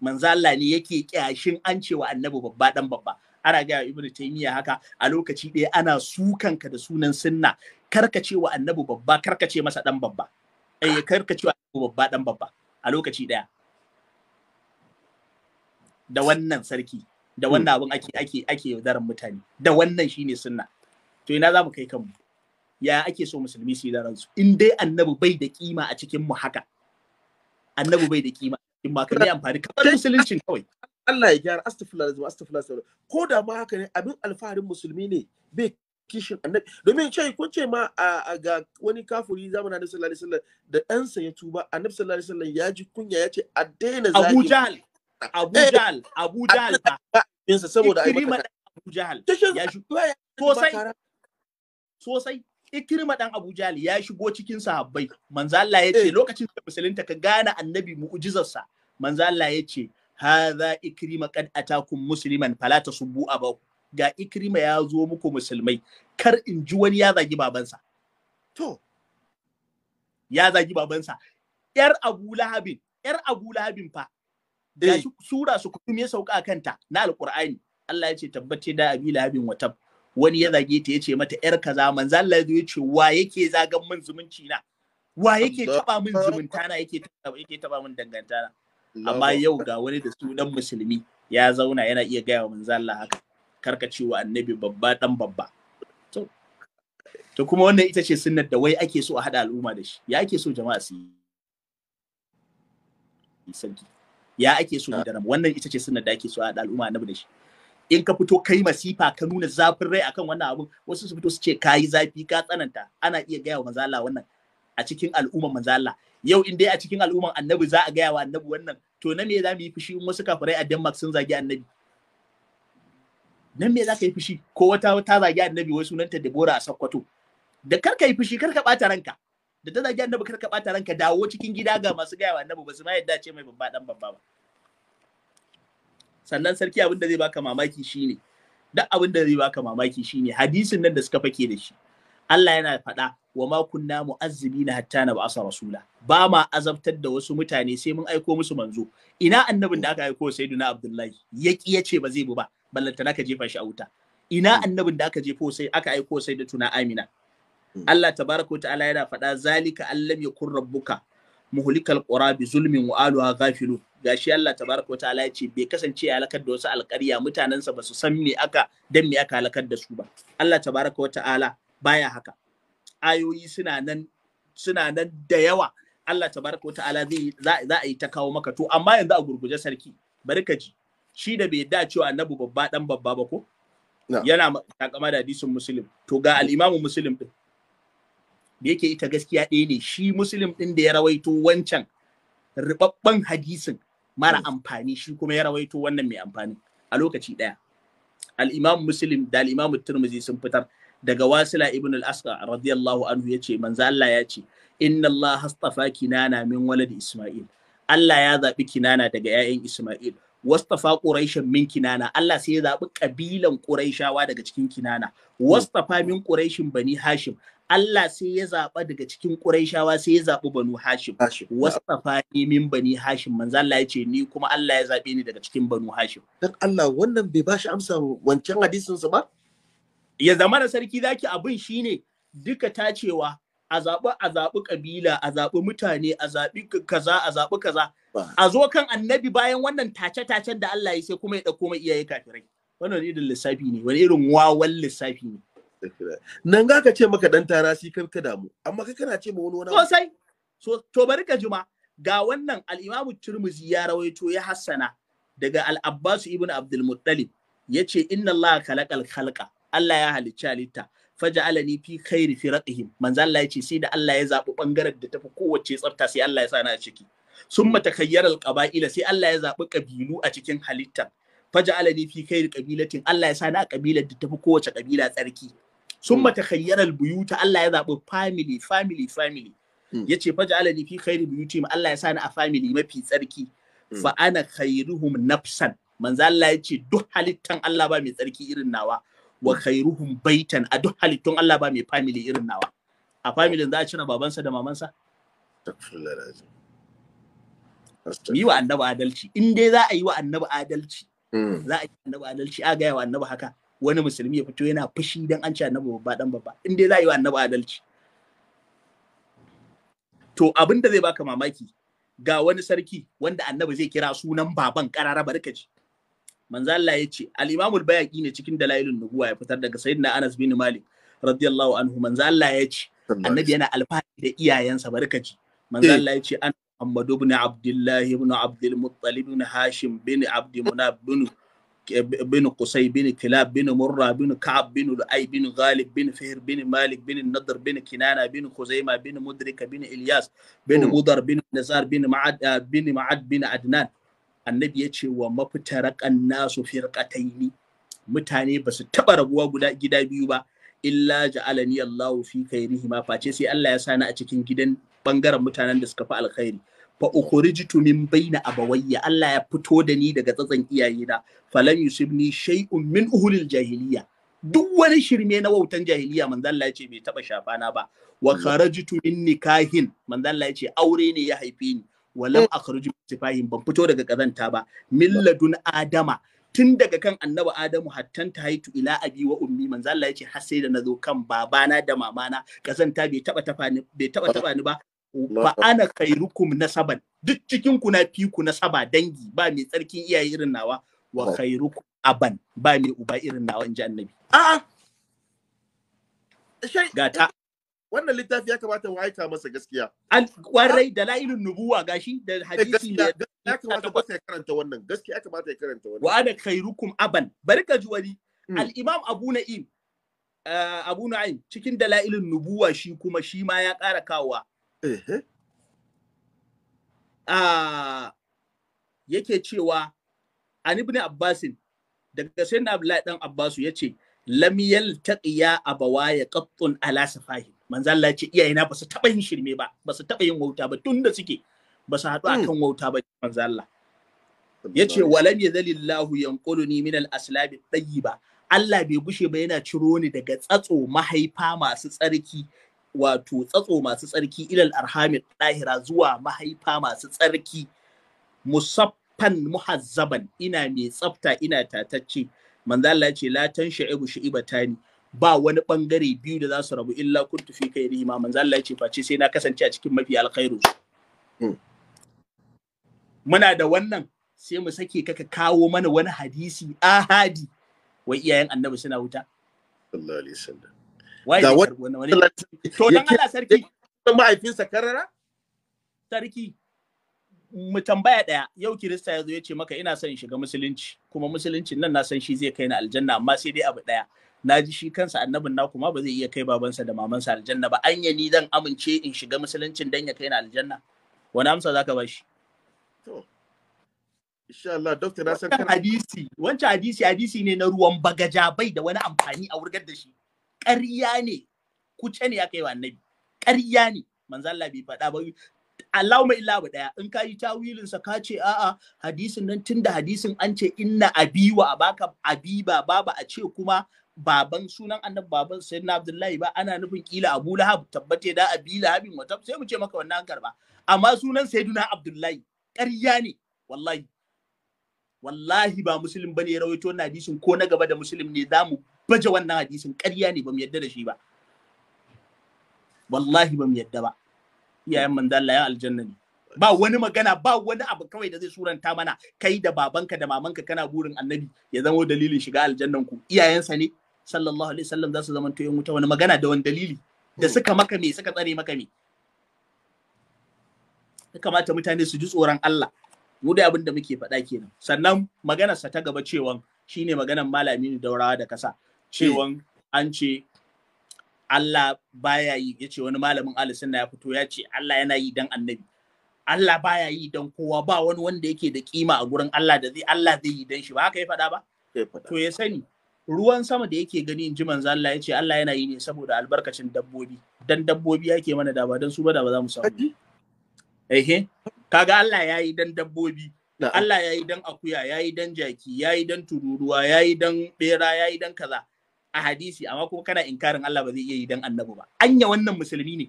manzo Allah ne yake kyashin an cewa annabi babba dan babba ana gaya ibn taymiya haka a lokaci ɗaya ana sukan ka da sunan sunna karkace wa annabi babba karkace masa dan babba eh karkace wa annabi babba dan babba a lokaci ɗaya da wannan sarki da hmm. wannan abin ake ake ake yaudaran mutane da wannan shine sunna to ina za mu kai kanmu ya ake so musulmi su yi da ransu in dai annabi bai da kima a cikin mu haka annabi bai da kima in ba ka yi amfani kamar musuluncin kawai Allah ya gyara astaghfirullah lazim astaghfirullah ko da ma haka ne abin alfaharin musulmi ne bai kishin annabi domin ce kun ce ma a ga wani kafuri zamanin annabi sallallahu alaihi wasallam da ɗansa ya tuba annabi sallallahu alaihi wasallam ya ji kunya ya ce a daina zaki Abu Jahl Abu eh, Jahl Abu Jahl ba saboda ai Abu Jahl ya shigo sosai sosai ikirma dan Abu Jahl ya shigo cikin sahabbai manzo Allah ya eh. ce lokacin da musulunta ka gane annabi mu'jizarsa manzo Allah ya ce هذا ikrima قد أتاكم مسلما fala تصبوا abahu ga ikrima ya zo muku musulmai kar in ji wani ya zagi babansa to ya zagi babansa yar abu lahabin yar abu lahabin fa da eh. sura su kuma ya sauka kanta na alqur'ani Allah ya ce tabbace da abi lahabin watab wani ya zage ta ya ce mata yar kaza manzo Allah ya ce wa yake zagan min zumunci na wa yake taba min zumunta na yake taba yake taba min dangantana amma yau ga wani da sunan musulmi ya zauna yana iya gaya wa manzo Allah haka ciwo, annabi babba dan babba to to kuma wannan ita ce sunnar da wai ake so a hada al'umma da shi ya ake so jama'a su yi ya ake so da wannan ita ce sunnar da ake so a hada al'umma annabi da shi in ka fito kai masifa ka nuna zafin rai akan wannan abu wasu su fito su ce kayi zafi ka tsananta ana iya gaya wa manzo Allah wannan a cikin al'umma manzo Allah yau in dai a cikin al'umman annabi za a gaya wa annabi wannan to na me za mu yi fushi in wasu kafirai a Denmark sun zagi annabi nan me za ka yi fushi ko wata ta zagi annabi wai sunanta Debora a Sokoto da kar ka yi fushi kar ka bata ranka da ta zagi annabi kar ka bata ranka dawo cikin gida ga masu gaya wa annabi ba su ma yadda ce mai babba dan babba ba sannan sarki abin da zai baka mamaki shine duk abin da zai baka mamaki shine hadisin nan da suka fake da shi Allah yana faɗa wa ma kunna mu'azzibina hatta na ba'asa rasula ba ma azabtar da wasu mutane sai mun aiko musu manzo ina annabin da aka aiko sayyiduna abdullahi yaki yace ba zai bu ba ballantana ka jefa shi a wuta ina hmm. annabin da aka jefo sai aka aiko sayyiduna amina hmm. Allah tabaraka wa ta'ala yana faɗa zalika allam yakun rabbuka muhlikal qura bi zulmin wa aluha ghafilun gashi Allah tabaraka wa ta'ala yace bai kasance ya halakar da wasu alƙarya mutanensa ba su san me aka dan me aka halakar da su ba Allah tabaraka wa ta'ala baya haka ayoyi suna nan suna nan da yawa Allah tabaraka ta'ala zai za a yi ta kawo maka to amma yanzu a gurguje sarki bari ka ji shi da bai da cewa annabi babba dan babba ba ko yana takama da hadisin muslim to ga al imam muslim din da yake ita gaskiya ɗaya ne shi muslim ɗin da ya rawaito wancan ribabban hadisin mara hmm. amfani shi kuma ya rawaito wannan mai amfani a lokaci ɗaya al-imam muslim da al-imam turmuzi sun fitar daga wasila ibn al-asqa radiyallahu anhu yace manzo Allah ya ce inna Allah hastafa kinana min walad isma'il Allah ya zabi kinana daga yayin isma'il wastafa quraishan min kinana Allah sai ya zabi kabilan quraishawa daga cikin kinana wastafa min quraishin bani hashim Allah sai ya zaba daga cikin Qurayshawa sai ya zabi Banu Hashim. Wasafa ni min Bani Hashim manzo Allah ya ce ni kuma Allah ya zaɓe ni daga cikin Banu Hashim. Dan Allah wannan bai bashi amsa wancan hadisin sa ba? ya zama da sarki zaki abin shine duka tacewa a zaɓi a zaɓi ƙabila a zaɓi mutane a zaɓi kaza a zaɓi kaza a zo kan annabi bayan wannan tace-tacen da Allah ya sai kuma ya ɗauko mai iyaye kafirai wannan irin lissafi ne wani irin wawan lissafi ne nan ga ka ce maka dan tarasi kar ka damu amma kai kana ce ma wani wani sosai so to bari ka juma ga wannan al-Imam Tirmidhi ya rawaito ya hassana daga Al-Abbas ibn Abdul Muttalib yace inna Allah khalaqal khalqa Allah ya halicci halitta alani fi khairi firaqihim manzo Allah ya sai da Allah ya zabi bangaren da tafi kowace tsafta sai Allah ya sa a ciki sun matakayyar qaba'ila sai Allah ya zabi kabilu a cikin halitta alani fi khairi qabilatin Allah ya sa na kabilar da tafi kowace kabila tsarki sun matakayyar buyuta, Allah ya zabi family family family hmm. yace alani fi khairi ma Allah ya sa a family mafi tsarki hmm. fa ana khairuhum nafsan manzo Allah ya duk halittan Allah ba mai tsarki irin nawa wa khairuhum baitan a duk halittun Allah ba mai family irin nawa a family za a cina babansa da mamansa yi wa annabi adalci in dai za a yi wa annabi adalci hmm. za a yi annabi adalci a gaya wa annabi haka wani musulmi ya fito yana fushi dan an ce annabi babba dan babba in dai za a yi wa annabi adalci to abinda zai baka mamaki ga wani sarki wanda annabi zai kira sunan baban karara barkaci manzo Allah ya ce al-Imam al ne cikin dalailun nubuwa ya fitar daga sayyidina Anas bin Malik radiyallahu anhu manzo Allah ya ce annabi yana alfahari da iyayensa barkaci manzo eh. Allah ya ce an Muhammad ibn Abdullah ibn Abdul Muttalib ibn Hashim bin Abd Munab bin bin Qusay bin Kilab bin Murra bin Ka'b, bin Lu'ay bin Ghalib bin Fihr bin Malik bin Nadr bin Kinana bin Khuzaimah bin Mudrik bin Ilyas bin Mudar hmm. bin Nazar bin Ma'ad ah, bin Ma'ad bin Adnan annabi ya ce wa mafitarakan nasu firqataini mutane ba su taɓa raguwa guda gida biyu ba illa ja'alani Allahu fi khairihi ma face sai Allah ya sani a cikin gidan bangaren mutanen da suka fi alkhairi fa ukhrijtu min baina abawayya Allah ya fito da ni daga tsatsan iyayena falam yusibni shay'un min uhulil jahiliya duk wani shirme na wautan jahiliya manzo Allah ya ce bai taba shafana ba wa kharajtu min nikahin manzo Allah ya ce aure ne ya haife ni walam eh. akhruju sifahin ban fito daga kazanta ba milladun adama tun daga kan annabi adamu hattan ta haitu ila abi wa ummi manzo Allah yace har sai da nazo kan babana da mamana kazanta bai taba taba ni bai taba taba ni ba ba ana khairukum nasaban duk cikin ku na fi ku nasaba dangi ba mai tsarkin iyaye irin nawa wa khairukum aban ba mai uba irin nawa ji annabi a'a gata wannan littafi ya kamata mu aika masa gaskiya an kwarai da la'ilin nubuwa gashi da eh, hadisi ne ya kamata ya karanta wannan gaskiya ya kamata ya karanta wannan wa ana khairukum aban bari ka ji wani hmm. al-imam abu na'im eh, abu na'im cikin dalailun nubuwa shi kuma shi ma ya ƙara kawa ah, yake cewa an ibn abbasin daga sayyidina abdullahi dan abbasu yace lam yaltaqiya abawaya qattun ala safahin manzo Allah ce iyayena ba su taba yin shirme ba ba su taba yin wauta ba tun da suke ba su haɗu akan hmm. wauta ba manzo Allah yace walam yazalillahu yanquluni min al-aslabi tayyiba Allah bai gushe ba yana ciro ni daga tsatso mahaifa masu tsarki wato tsatso masu tsarki ilal arhamin ɗahira zuwa mahaifa masu tsarki musaffan muhazzaban ina mai tsafta ina tatacce manzo Allah ce la tan shi'ibatani ba wani bangare biyu da za su rabu illa kuntu fi kai rihima manzo Allah ya ce face sai na kasance a cikin mafi alkhairu hmm. muna da wannan sai mu sake kaka kawo mana wani hadisi ahadi wai iyayen annabi suna wuta sallallahu alaihi wasallam wai da wani to dan Allah sarki mahaifinsa karara sarki mu tambaya ɗaya yau Kirista ya zo ya ce maka ina son shiga musulunci kuma musulunci nan na san shi zai kai ni aljanna amma sai dai abu ɗaya na ji shi kansa annabin na kuma ba zai iya kai babansa da mamansa aljanna ba anya ni zan amince in shiga musuluncin dan ya kai na aljanna wani amsa zaka ba shi to insha Allah doctor na san hadisi wancan hadisi hadisi ne na ruwan bagaja bai da wani amfani a wurgar da shi ƙarya ne kuce ne ya kai wa annabi ƙarya ne manzo Allah bai faɗa ba mai illa ba daya in ka yi tawilin sa ka ce a'a hadisin nan tunda hadisin an ce inna abiwa baka abiba baba a ce kuma baban sunan annab baban na abdullahi ba ana nufin kila abu lahab tabbate da abi lahabin wata sai mu ce maka wannan karba amma sunan sayyidina abdullahi ƙarya ne wallahi wallahi ba musulun bane ya rawaito wannan hadisin ko na gaba da musulun ne za mu baje wannan hadisin ƙarya ne ba mu yadda da shi ba wallahi ba mu yadda ba iyayen Allah ya aljanna ne ba wani magana ba wani abu kawai da zai suranta mana kai da babanka da mamanka kana burin annabi ya zama dalilin shiga aljannan ku iyayensa ne sallallahu alaihi wasallam za su zama to wuta wani magana da wani dalili da hmm. suka maka me suka tsare maka me ya kamata mutane su ji tsoron Allah mu da abin da muke faɗa kenan sannan magana sa ta gaba cewa shine maganar malami daurawa da kasa cewan an ce Allah baya yi ya ce wani malamin sunna ya fito ya ce Allah yana yi dan annabi Allah baya yi dan kowa ba wani wanda yake da kima a gurin Allah da zai Allah zai yi dan shi ba haka ya faɗa ba to ya sani ruwan sama da yake gani in ji manzo Allah ya ce Allah yana yi ne saboda albarkacin dabbobi dan dabbobi yake mana da ba dan su ba da ba za mu samu ehe kaga Allah ya yi dan dabbobi Allah ya yi dan akuya ya yi dan jaki ya yi dan tururuwa ya yi dan bera ya yi dan kaza a hadisi amma kuma kana inkarin Allah ba zai iya yi dan annabi ba anya wannan musulmi ne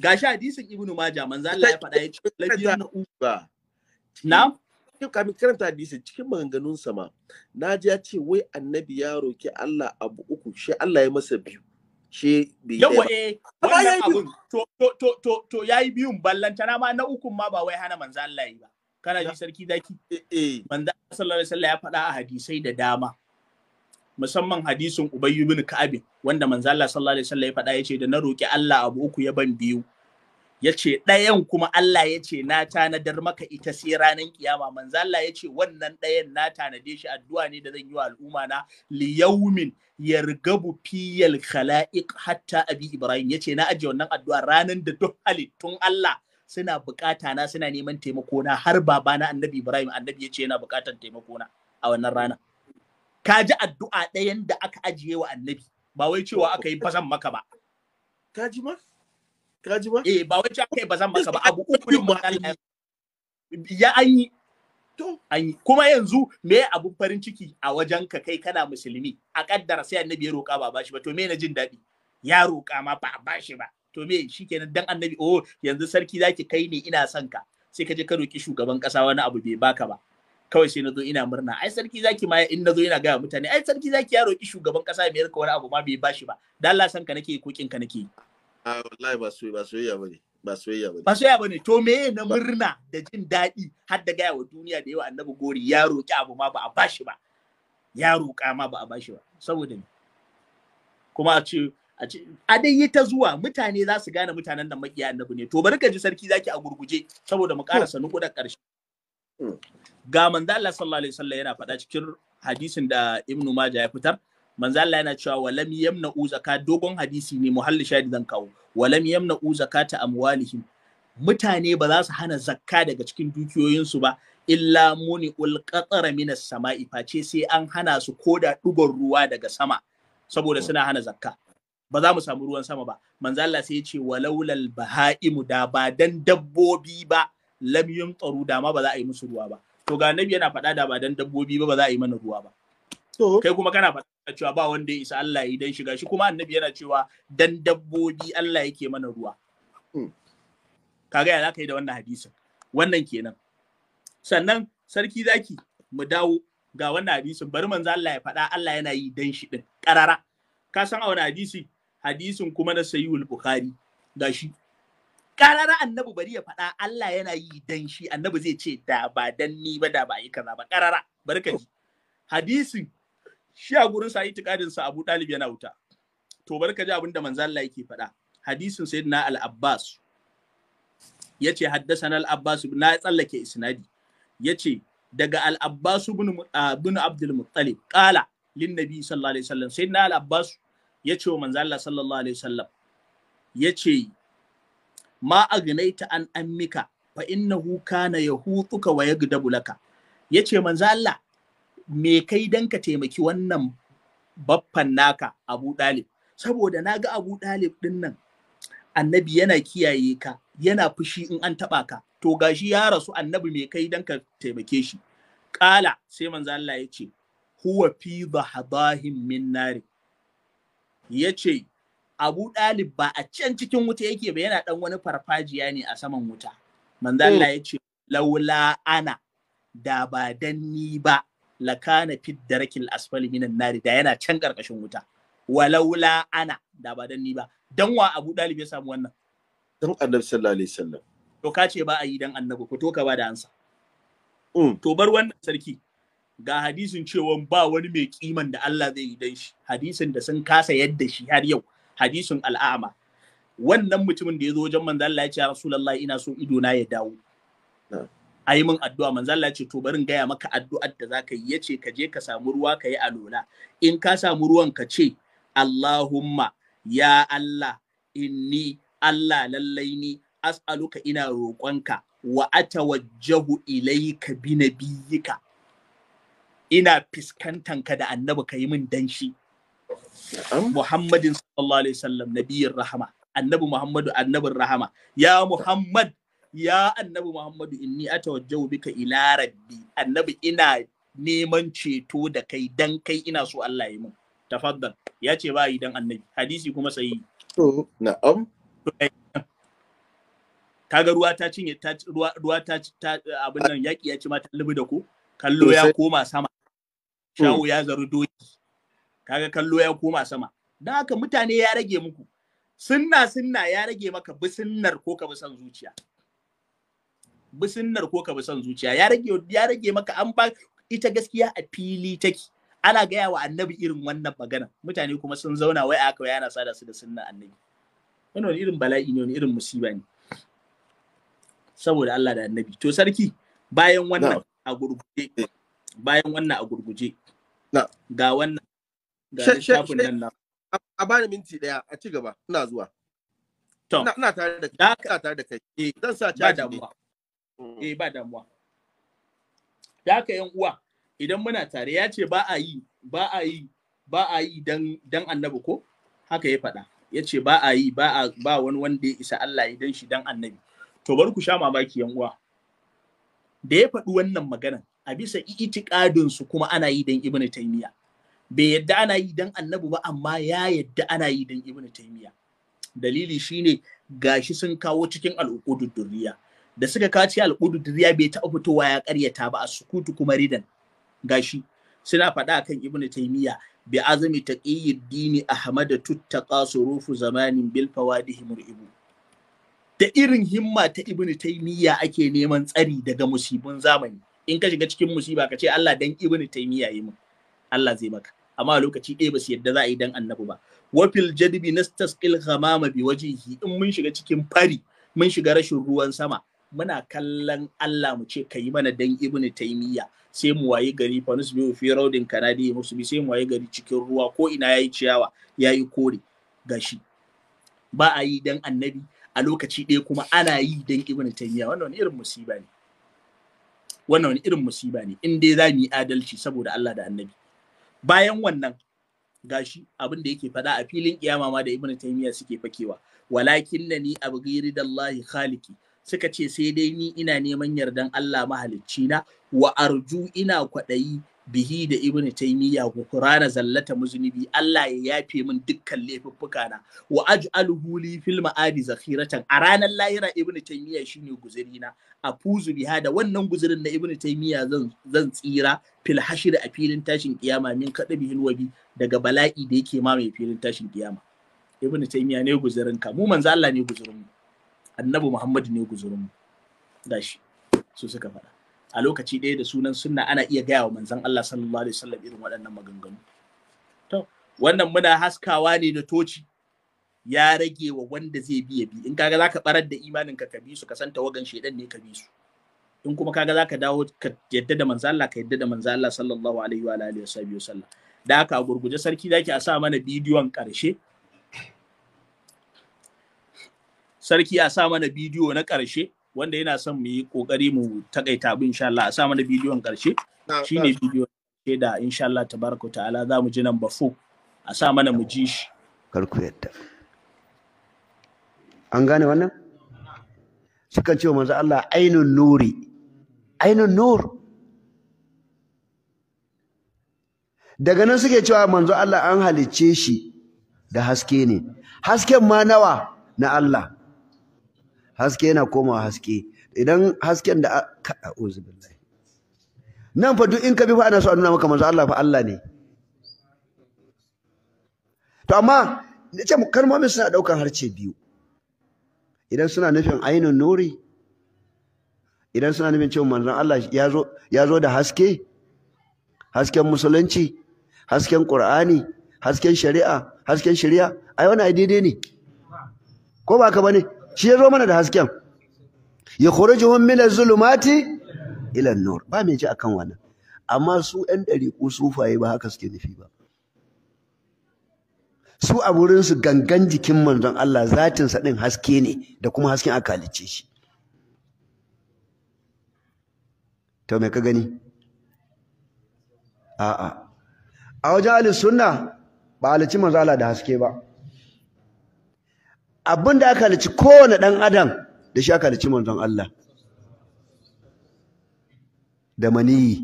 gashi hadisin ibnu maja manzo Allah ya faɗa ya ce na'am cikin kami karanta hadisi cikin maganganun ma na ji ya ce wai annabi ya roki Allah abu uku shi Allah ya masa biyu shi bai yawa eh wannan abun to to to to yayi biyun ballantana ma na ukun ma ba wai hana manzo Allah yi ba kana ji sarki zaki eh, eh. manzo sallallahu alaihi wasallam ya faɗa a hadisai da dama musamman hadisin Ubayy ibn Ka'ab wanda manzo Allah sallallahu alaihi wasallam ya faɗa yace da na roki Allah abu uku ya ban biyu ya ce ɗayan kuma Allah ya ce na tanadar maka ita sai ranar kiyama manzo Allah ya ce wannan ɗayan na tanade shi addu'a ne da zan yi wa al'umma na liyaumin yargabu fiyal khala'iq hatta abi ibrahim ya ce na aje wannan addu'a ranar da duk halittun Allah suna bukata na suna neman taimako na har na annabi ibrahim annabi ya ce yana bukatar taimako na a wannan rana ka ji addu'a ɗayan da aka ajiye wa annabi ba wai cewa aka yi fasan maka ba ka ji ma ka ji ba eh ba wai kai ba zan maka ba abu ya anyi to an yi kuma yanzu me abun farin ciki a wajen ka kai kana musulmi a kaddara sai annabi ya roƙa ba bashi ba to me na jin daɗi ya roƙa ma ba bashi ba to me shi shikenan dan annabi oh yanzu sarki zaki kai ne ina son ka sai ka je ka roki shugaban kasa wani abu bai baka ba kawai sai na zo ina murna ai sarki zaki ma in na zo ina gaya mutane ai sarki zaki ya roki shugaban kasa bai yarka wani abu ma bai bashi ba dan Allah san ka nake kokin ka nake a ah, wallahi ba soyayya ba soyayya bane ba soyayya bane ba soyayya bane to meye na murna da jin daɗi har da gaya wa duniya da yawa annabi gori ya roki abu ma ba a bashi ba ya roƙa ma ba a bashi ba saboda ne. kuma a ce a ce a dai yi ta zuwa mutane za su gane mutanen da makiya annabi ne to bari ka ji sarki zaki a gurguje saboda mu ƙara sanu da ƙarshe hmm. ga manzo Allah sallallahu alaihi wasallam yana faɗa cikin hadisin da Ibn Majah ya fitar manzo Allah yana cewa walam yamna'u zakat dogon hadisi ne muhalli shahid zan kawo walam yamna'u ta amwalihim mutane ba za su hana zakka daga cikin dukiyoyinsu ba illa muni ul qatara minas sama'i face sai an hana su koda dugon ruwa daga sama saboda suna hana zakka ba za mu samu ruwan sama ba manzo Allah sai ya ce walaulal baha'imu da ba dan dabbobi ba lam yumtaru da ma ba za a yi musu ruwa ba to ga nabi yana faɗa da ba dan dabbobi ba ba za a yi mana ruwa ba to kai kuma kana faɗa cewa ba wanda ya isa Allah ya dan shiga shi kuma annabi yana cewa dan dabbobi Allah yake mana ruwa hmm. kaga ya zaka yi da wannan hadisin wannan kenan sannan sarki zaki mu dawo ga wannan hadisin bari manzo Allah ya faɗa Allah yana yi dan shi din karara ka san a wani hadisi hadisin kuma na sayyul bukhari gashi karara annabi bari ya faɗa Allah yana yi dan shi annabi zai ce da ba dan ni ba da ba yi kaza ba karara barka ji hadisin shi a gurin sa itikadin sa Abu Talib yana wuta to barka ji abinda da manzo Allah yake faɗa hadisin sayyidina al-Abbas yace haddathana al-Abbas na tsallake isnadi yace daga al-Abbas ibn ah, ibn Abdul Muttalib qala lin nabi sallallahu alaihi wasallam sayyidina al-Abbas yace wa manzo Allah sallallahu alaihi wasallam yace ma agnaita an ammika fa innahu kana yahutuka wa yagdabu laka yace manzo Allah me kai dan ka taimaki wannan baffan naka abu dalib saboda na ga abu ɗalib din nan annabi yana kiyaye ka yana fushi in an taɓa ka to gashi ya rasu annabi me kai dan ka taimake shi ƙala sai manzo Allah ya ce huwa fi dhahdahin min nari ya ce abu dalib ba a can cikin wuta yake ba yana ɗan wani farfajiya ne a saman wuta manzo oh. Allah ya ce laula ana da ba dan ni ba lakana fit darakil asfali minan nari da yana can karkashin wuta walaula ana da ba dan ni ba dan wa Abu Dalib ya samu wannan dan Annabi sallallahu alaihi wasallam to ka ce ba a yi dan Annabi ko to ka ba da ansa mm. to bar wannan sarki ga hadisin cewa ba wani mai kiman da Allah zai yi dan shi hadisin da sun kasa yadda shi har yau hadisin al'ama wannan mutumin da ya zo wajen manzo Allah ya ce ya Rasulullahi ina so ido na ya dawo a yi min addu'a manzo Allah ce to barin gaya maka addu'ar da zaka yi yace ka je ka samu ruwa ka yi alola in ka samu ruwan ka ce Allahumma ya Allah inni Allah lallai ni as'aluka ina roƙonka wa atawajjahu ilayka bi nabiyyika ina fiskantan ka da annabi ka yi min danshi Muhammadin sallallahu alaihi wasallam nabiyyin rahama annabi Muhammadu annabin rahama ya Muhammad ya annabi Muhammadu inni tawajjau bika ila rabbi annabi ina neman ceto da kai dan kai ina so Allah ya mun tafaddal ya ce ba yi dan annabi hadisi kuma sai to na'am eh, kaga ruwa ta cinye ta ruwa, ruwa ta, abun abin nan yaki ya ci ma talibi da ku kallo ya koma sama shawo hmm. ya zaru doki kaga kallo ya koma sama dan haka mutane ya rage muku sunna sunna ya rage maka bisinnar ko ka bi san zuciya bisinnar ko ka bi son zuciya ya rage ya rage maka an ba ita gaskiya a fili take ana gaya wa annabi irin wannan magana mutane kuma sun zauna wai aka wai ana sada su da sunnar annabi wannan wani irin bala'i ne wani irin musiba ne saboda Allah da annabi to sarki bayan wannan a gurguje bayan wannan a gurguje ga wannan ga nan na a bani minti daya a ci gaba ina zuwa ina tare da kai ina tare da kai eh, zan sa caji ne eh mm. ba damuwa da haka yan uwa idan muna tare ya ce ba a yi ba a yi ba a yi dan dan annabi ko haka ya faɗa ya ce ba a yi ba ba wani wanda ya isa Allah ya dan shi dan annabi to bar ku sha mamaki yan uwa da ya faɗi wannan maganan a bisa itikadin su kuma ana yi dan ibnu taymiya bai yadda ana yi dan annabi ba amma ya yadda ana yi dan ibnu taymiya dalili shine gashi sun kawo cikin al'uqudud durriya da suka kaci al-qududriya bai taɓa fitowa ya ƙaryata ba a sukutu kuma ridan gashi suna faɗa kan ibnu taymiya bi azami taqiyyi dini ahmad tuttaqa surufu zamanin bil fawadihi muribu da irin himma ta ibnu taymiya ake neman tsari daga musibin zamani in ka shiga cikin musiba ka ce Allah dan ibnu taymiya yi mun Allah zai maka amma lokaci ɗaya ba su yadda za a yi dan annabi ba wafil jadbi nastasqil ghamama bi wajhihi in mun shiga cikin fari mun shiga rashin ruwan sama muna kallon Allah mu ce ka yi mana dan ibnu taimiya sai mu wayi gari fa nusbihu fi raudin kanadi musu bi sai mu wayi gari cikin ruwa ko ina yayi ciyawa yayi kore gashi ba a yi dan annabi a lokaci ɗaya kuma ana yi dan ibnu taimiyya wannan wani irin musiba ne wannan wani irin musiba ne in dai za mu yi adalci saboda Allah da annabi bayan wannan gashi abin da yake faɗa a filin kiyama ma da ibnu taymiya suke fakewa walakin ni abghiri dallahi khaliqi suka ce sai dai ni ina neman yardan Allah mahalicci na wa arju ina kwaɗayi bihi da ibnu taymiya qur'ana zallata muznibi Allah ya yafe min dukkan laifuffuka na wa aj'aluhu li fil ma'adi zakhiratan a ranar lahira ibnu taymiya shine guzuri na A fuzu biha da wannan guzurin na ibnu taymiya zan zan tsira fil hashir a filin tashin kiyama min kadabihin wabi daga bala'i da yake ma mai filin tashin kiyama ibnu taymiya ne guzurin ka mu manzo Allah ne guzurin mu annabi muhammadu ne guzurinmu gashi su suka faɗa a lokaci ɗaya da sunan sunna ana iya gaya wa manzan Allah sallallahu alaihi wasallam irin waɗannan maganganu to wannan muna haskawa ne da toci ya rage wa wanda zai bi ya bi in kaga zaka barar da imanin ka ka bi su ka san tawagan shedan ne ka bi su in kuma kaga zaka dawo ka yadda da manzan Allah ka yadda da manzan Allah sallallahu alaihi wa alihi wasallam da haka gurguje sarki zaki a sa mana bidiyon ƙarshe sarki a sa mana bidiyo na ƙarshe wanda yana son mu yi ƙoƙari mu takaita abu insha Allah a sa mana bidiyon ƙarshe shine bidiyo ke da insha Allah tabaraka ta'ala za mu ji nan bafo a sa mana mu ji shi karku yadda an gane wannan sukan ce wa manzo Allah ainun nuri ainun nur daga nan suke cewa manzo Allah an halicce shi da haske ne hasken ma nawa na Allah haske yana komawa haske idan hasken da a'udhu billahi nan fa duk in ka bi fa ana so a nuna maka manzo Allah fa Allah ne to amma nace kalmomin suna daukan harce biyu idan suna nufin ainun nuri idan suna nufin cewa manzon Allah ya zo ya zo da haske hasken musulunci hasken qur'ani hasken shari'a hasken shari'a ai wannan daidai ne ko ba ka bane shi ya zo mana da hasken ya khurujuhum min az-zulumati ilan ba mai ji akan wannan amma su ɗan ko sufaye ba haka suke nufi ba su a wurinsu gangan jikin manzon Allah zatinsa ɗin haske ne da kuma hasken aka halicce shi to me ka gani a'a a wajen ahlus sunna ba halicci manzon Allah da haske ba abin da aka halici kowane ɗan adam da shi aka halici manzon Allah da maniyi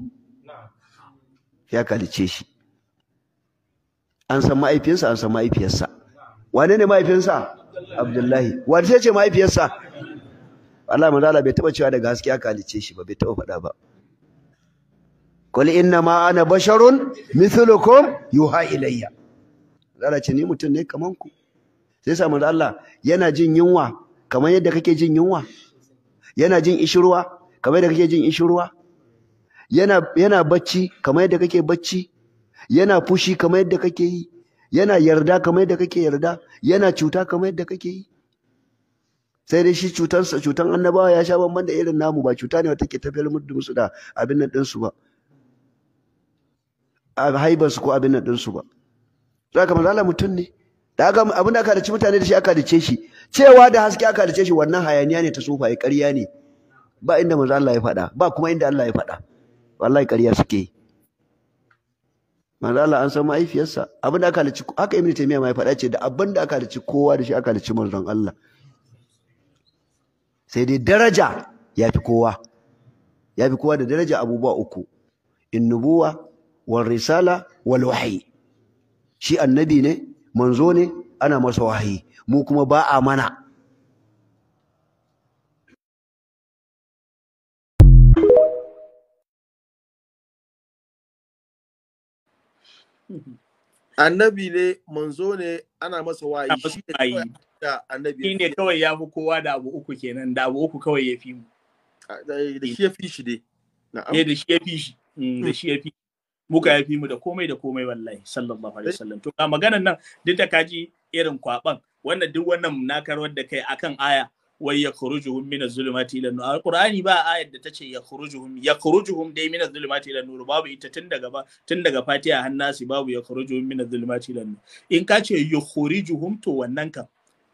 ya kalice shi an san ma'aifinsa an san ma'aifiyarsa wane ne ma'aifinsa abdullahi wace ce ma'aifiyarsa Allah manzo Allah bai taba cewa daga haske aka halice shi ba bai taba faɗa ba qul inna ma ana basharun mithlukum yuha ilayya Allah ce ni mutum ne kaman ku sai sa manzo Allah yana jin yunwa kamar yadda kake jin yunwa yana jin ishirwa kamar yadda kake jin ishirwa yana yana bacci kamar yadda kake bacci yana fushi kamar yadda kake yi yana yarda kamar yadda kake yarda yana cuta kamar yadda kake yi sai dai shi cutan cutan annabawa ya sha bamban da irin namu ba cuta ne wata ke tafiyar muddin su da abin nan din su ba a haibar su ko abin nan din su ba zaka manzo Allah mutum ne da aka abin da aka halice mutane da shi aka halice shi cewa da haske aka halice shi wannan hayaniya ne ta ya ƙarya ne ba inda manzo Allah ya faɗa ba kuma inda Allah ya faɗa wallahi ƙarya suke manzo Allah an san mahaifiyarsa abin da aka halice haka ibnu taymiya ma ya faɗa ce da abin da aka halice kowa da shi aka halice manzon Allah sai dai daraja ya fi kowa ya fi kowa da daraja abubuwa uku in nubuwa wal risala wal wahyi shi annabi ne manzo ne ana masa wahayi mu kuma ba a mana annabi ne manzo ne ana masa wahayi shi ne da annabi shi ne kawai ya fi kowa da abu uku kenan da abu uku kawai ya fi mu da shi ya fi shi dai ne eh, da shi ya fi shi mm, da hmm. shi ya fi muka haifi mu da komai da komai wallahi sallallahu alaihi wasallam to ga maganan nan duk da kaji irin kwaban wannan duk wannan nakarar da kai akan aya wai yakhrujuhum min az-zulumati ila nur alqur'ani ba ayar da tace yakhrujuhum yakhrujuhum dai min az-zulumati ila nur babu ita tun daga ba tun daga fatiha hannasi babu yakhrujuhum min az-zulumati ila nur in ka ce ya to wannan kan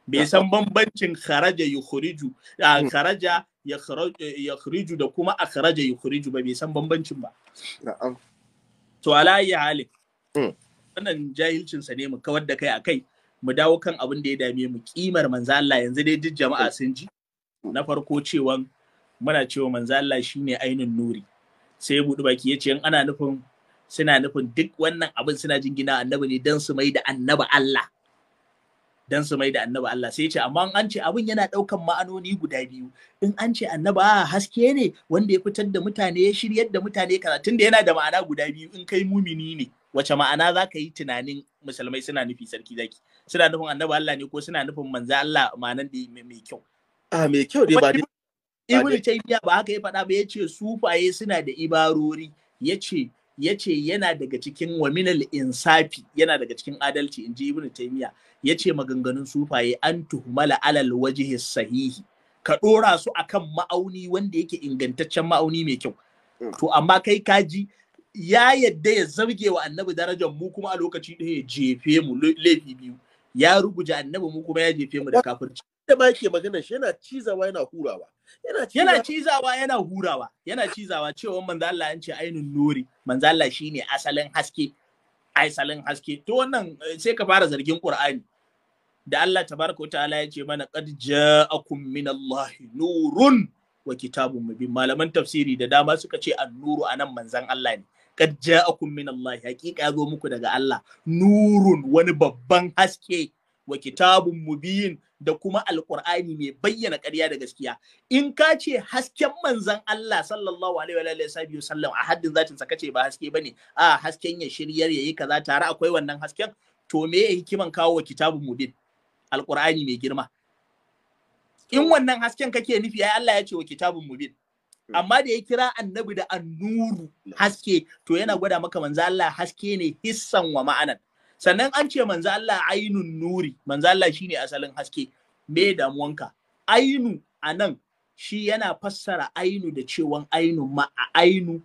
bai san bambancin kharaja ya a hmm. kharaja yakhruju da kuma akhraja yukhriju ba bai san bambancin ba na'am to ala halin hmm. wannan jahilcinsa ne mu kawar da kai a kai mu dawo kan abin da ya dame mu kimar manzo Allah yanzu dai duk jama'a hmm. sun ji na farko cewa muna cewa manzo Allah shine ainin nuri sai budu baki yace in ana nufin suna nufin duk wannan abin suna jingina annabi ne dan su mai da annabi Allah Don su mai da annaba Allah sai ce amma an ce abin yana daukan ma'anoni guda biyu in an ce annaba ah, haske ne wanda ya fitar da mutane ya shiryar da mutane karatun da yana da ma'ana guda biyu in kai mumini ne wace ma'ana za ka yi tunanin musulmai suna nufi sarki zaki suna nufin annaba Allah ne ko suna nufin manzo Allah ma'anan da mai kyau a ah, mai kyau dai ba Ibn Taymiyyah ba haka ya faɗa ba Ya ce sufaye suna da ibarori Ya ce. ya ce yana daga cikin waminal insafi yana daga cikin adalci in ji ibn taimiya ya ce maganganun sufaye an tuhumala alal wajihi sahihi ka ɗora su akan ma'auni wanda yake ingantaccen ma'auni mai kyau hmm. to amma kai kaji ya yadda ya zarge wa annabi darajar mu kuma a lokaci ɗaya ya jefe mu laifi biyu ya ruguje annabi mu kuma ya jefe mu da kafirci da ma yake magana shi yana cizawa yana hurawa yana cizawa yana hurawa yana cizawa cewa manzo Allah an ainun nuri manzo Allah shine asalin haske asalin haske to wannan eh, sai ka fara zargin Qur'ani da Allah tabaraka wa ta'ala yace mana qad ja'akum min Allah nurun wa kitabun mubin malaman tafsiri da dama suka ce annuru anan manzan Allah ne qad ja'akum min Allah hakika zo muku daga Allah nurun wani babban haske wa kitabun mubin da kuma alqur'ani mai bayyana ƙarya da gaskiya in ka ce hasken manzon Allah sallallahu alaihi wa sallam a haddin zatin sa kace ba haske bane a hasken ya shiryar yayi kaza tare akwai wannan hasken to me ya hikiman kawo wa kitabun mubin alqur'ani mai girma in wannan hasken kake nufi ai Allah ya ce wa kitabun mubin hmm. amma da ya kira annabi da annuru hmm. haske to yana gwada maka manzan Allah haske ne hissan wa ma'anan sannan an ce manzo Allah ainun nuri manzo Allah shine asalin haske me damuwanka ainu A nan shi yana fassara ainu da cewan ainu ma a ainu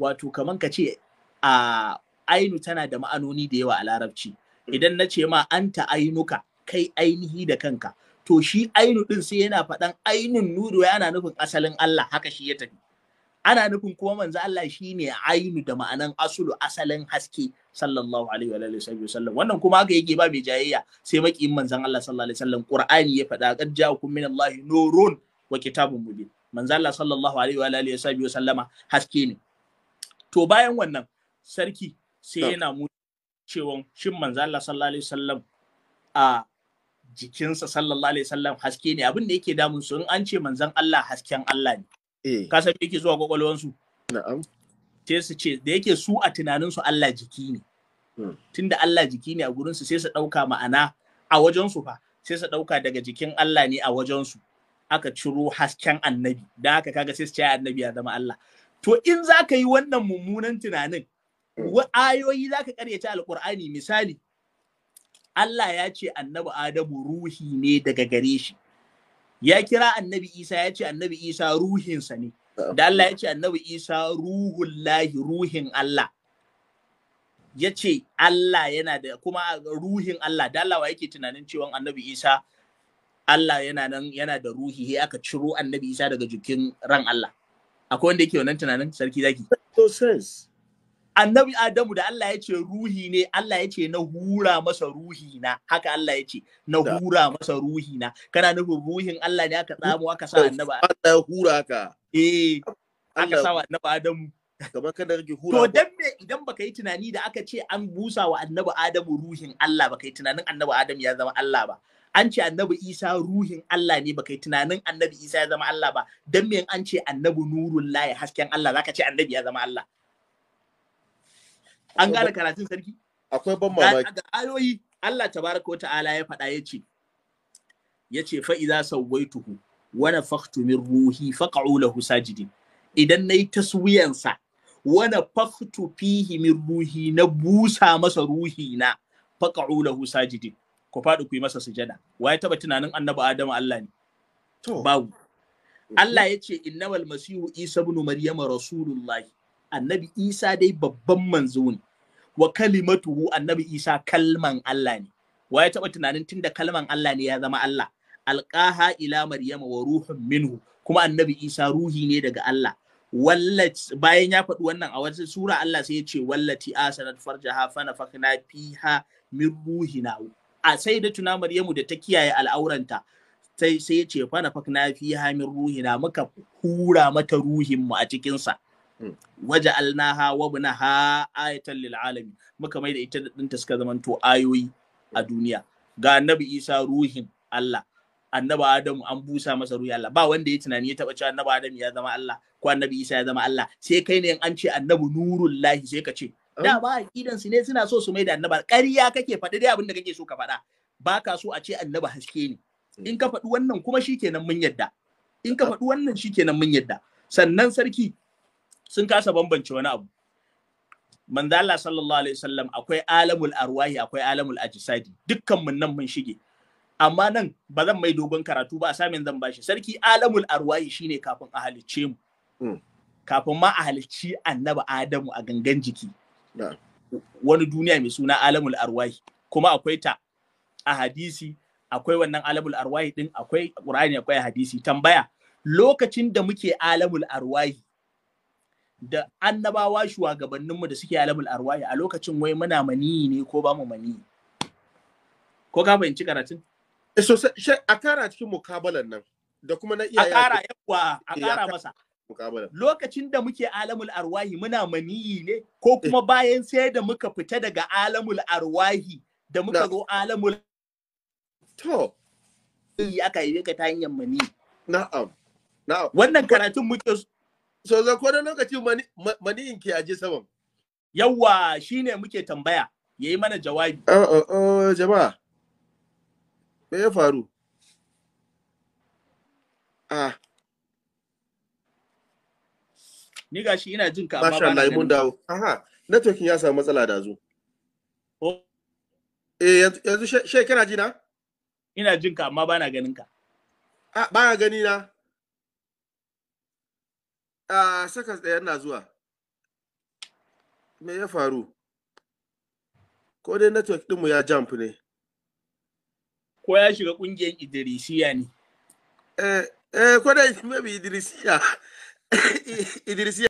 wato kaman ka ce a ainu tana da ma'anoni da yawa a larabci idan na ce ma anta ainuka kai ainihi da kanka to shi ainu din sai yana faɗan ainun nuri yana nufin asalin Allah haka shi ya tafi ana nufin kuma manzo Allah shine ainu da ma'anan asulu asalin haske sallallahu alaihi wa alihi wasallam wannan kuma haka yake ba mai jayayya sai makiyin manzon Allah sallallahu alaihi wasallam Qur'ani ya faɗa qad ja'akum min Allah nurun wa kitabun mubin manzo Allah sallallahu alaihi wa alihi wasallama haske ne to bayan wannan sarki sai yana mu cewa shin manzo Allah sallallahu alaihi wasallam a jikinsa sallallahu alaihi wasallam haske ne abin da yake damun su in an ce manzon Allah hasken Allah ne Eh. ka san me yake zuwa kwakwalwansu na'am sai su ce da yake su a tunaninsu Allah jiki ne hmm. tunda Allah jiki ne a gurinsu sai su ɗauka ma'ana a wajensu fa sai su ɗauka daga jikin Allah ne a wajensu aka ciro hasken annabi da haka kaga sai su ce annabi ya zama Allah to in za ka yi wannan mummunan tunanin hmm. ayoyi za ka karyata alkur'ani misali Allah ya ce annabi Adamu ruhi ne daga gare shi ya kira annabi isa ya ce annabi isa ruhinsa ne da Allah ya ce annabi isa ruhun lahi, ruhin Allah ya ce Allah yana da kuma ruhin Allah da Allah yake tunanin cewa annabi isa Allah yana nan yana da ruhi he aka ciro annabi isa daga jikin ran Allah akwai wanda yake wannan tunanin sarki zaki annabi Adamu da Allah ya ce ruhi ne Allah ya ce na hura masa ruhi na haka Allah ya ce na hura masa ruhi na kana nufin ruhin Allah ne aka tsamo aka sa annabi Allah ya hura ka eh aka sa wa annabi Adamu kamar kada kake hura to dan me idan baka yi tunani da aka ce an busa wa annabi Adamu ruhin Allah baka yi tunanin annabi Adamu ya zama Allah ba an ce annabi isa ruhin Allah ne baka yi tunanin annabi isa ya zama Allah ba dan me an ce annabi nurullahi lahi hasken Allah zaka ce annabi ya zama Allah an gane karatun sarki akwai ban mamaki ga ayoyi Allah tabaraka ta'ala ya faɗa yace yace fa idza sawaituhu wa nafakhtu min ruhi faq'u lahu sajidin idan nayi taswiyansa wa nafakhtu fihi min ruhi na busa masa ruhi na faq'u lahu sajidin ku faɗi ku yi masa sujada ya taba tunanin annabi Adamu Allah ne to babu mm. Allah ya ce innamal masihu Isa ibn Maryama rasulullahi annabi isa dai babban manzo ne wa kalimatuhu annabi isa kalman Allah ne wa ya taɓa tunanin tunda kalman Allah ne ya zama Allah Alƙaha ila maryama wa ruhun minhu kuma annabi isa ruhi ne daga Allah wallaci bayan ya faɗi wannan a wata sura Allah sai ya ce wallati asanat farjaha fa nafakhna fiha min ruhina a sai da tuna Maryamu da ta kiyaye al'auranta sai ya ce fa nafakhna fiha min ruhina muka hura mata ruhinmu a cikinsa. sa Hmm. waje alnaha wa bunaha ayatan lil alamin muka mai da ita da ɗinta suka zamanto ayoyi a duniya ga annabi isa ruhin Allah annabi Adamu an busa masa ruhi Allah ba wanda ya tunani ya taba cewa annabi Adamu ya zama Allah ko annabi Isa ya zama Allah sai kai ne an ce annabi nurullahi sai ka ce oh. da ba idan su ne suna so su mai da annabi ƙarya kake faɗi dai abin da kake so ka faɗa Baka so a ce annabi haske ne hmm. in ka faɗi wannan kuma shikenan mun yadda in ka faɗi wannan shikenan mun yadda sannan sarki sun kasa bambance wani abu manzo Allah sallallahu alaihi wasallam akwai alamul arwahi akwai alamul ajsadi dukkan mun nan mun shige amma nan ba zan mai dogon karatu ba a samin zan bashi sarki alamul arwahi shine kafin a halicce mu hmm. kafin ma a halicci annabi Adamu a gangan jiki wani duniya mai suna alamul arwahi kuma akwai ta a hadisi akwai wannan alamul arwahi din akwai qur'ani akwai hadisi tambaya lokacin da muke alamul arwahi da annabawa shugabanninmu da suke alabul arwa'i a lokacin wai muna mani ne ko ba mu mani ko ka fahimci karatun eh, so a kara cikin mukabalan nan da kuma na iyaye a kara yawa a kara masa lokacin da muke alamul arwahi muna maniyi ne ko eh. kuma bayan sai da muka fita daga alamul arwahi da muka zo alamul to aka yi ka ta hanyar mani na'am na'am wannan karatun muke so za ko da lokaci maniyin ke aje saman yawa shine muke tambaya yayi mana jawabi oh, oh, oh, jama'a me ya faru ah ni gashi ina jin ka amma ba na mun dawo aha networking ya samu matsala da zo oh. eh yanzu she kana ji na ina jin ka amma ba na ganin ka ah ba gani na a saka ɗaya na zuwa me ya faru ko dai network ɗinmu ya jump ne ko ya shiga ƙungiyar idirisiya ne eh eh ko dai maybe idirisiya idirisiya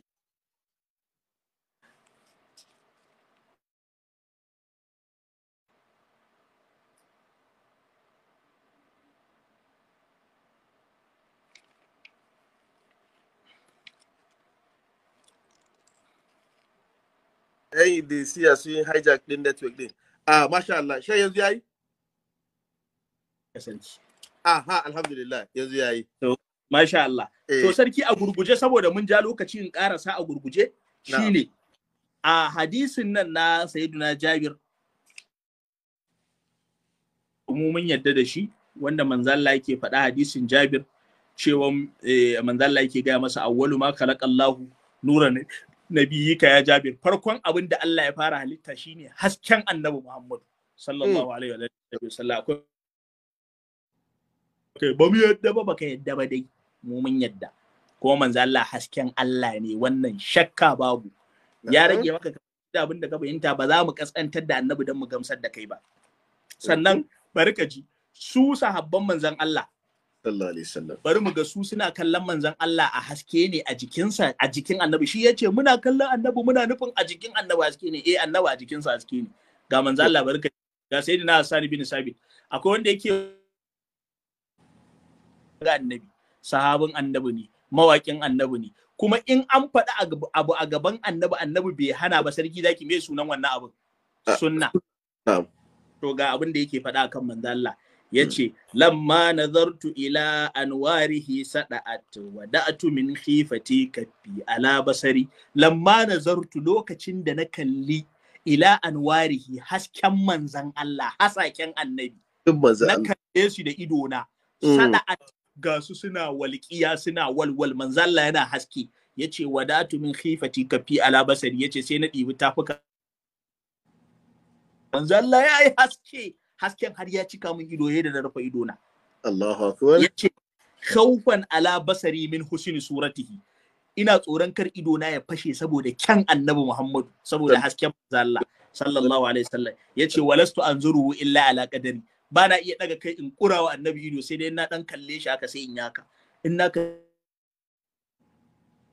yan da siya sun yi hijack din network din a ah, masha Allah shi yanzu yayi kasance aha alhamdulillah yanzu yayi to masha Allah to eh. sarki a gurguje saboda mun ja lokaci in karasa a gurguje shine a hadisin nan na sayyiduna Jabir umumin yadda da shi wanda manzalla yake faɗa hadisin Jabir cewa eh, manzalla yake gaya masa awwalu ma khalaqallahu nuran nabiyika ya jabir farkon abin da Allah ya fara halitta shine hasken annabi Muhammad sallallahu hmm. alaihi wa sallam kai ba mu yadda ba baka yadda ba dai mu mun yadda ko manzo Allah hasken Allah ne wannan shakka babu ya rage maka da abin da ka fahimta ba za mu kaskantar da annabi dan mu gamsar da kai ba sannan bari ka ji su sahabban manzon Allah bari mu ga su suna kallon manzon Allah a haske ne a jikinsa a jikin annabi shi yace muna kallon annabi muna nufin a jikin annabi haske ne eh annabi a jikinsa haske ne ga manzon Allah barka ga sayyidina Hassan bin Sabit akwai wanda yake ga annabi sahabin annabi ne mawakin annabi ne kuma in an faɗi abu a gaban annabi annabi bai hana ba sarki zaki me sunan wannan abin ah. sunna to ga abin da yake faɗa akan manzon Allah yace lamma nazartu ila anwarihi sada'at wa da'atu min khifati kaffi ala basari lamma nazartu lokacin da na kalli ila anwarihi hasken manzan Allah hasaken annabi na kalle su da idona mm. sada'at ga su suna walƙiya suna walwal manzalla yana haske yace wadatumin min khifati kafi ala basari yace sai na ɗibi tafuka manzalla ya yayi haske hasken har ya cika min ido yayin da na rufe idona. na Allahu akbar yace khawfan ala basari min husni suratihi ina tsoron kar idona ya fashe saboda kyan annabi Muhammadu saboda hasken manzo Allah sallallahu alaihi wasallam yace walastu anzuru illa ala qadari ba na iya daga kai in wa annabi ido sai dai na dan kalle shi haka sai in yaka in na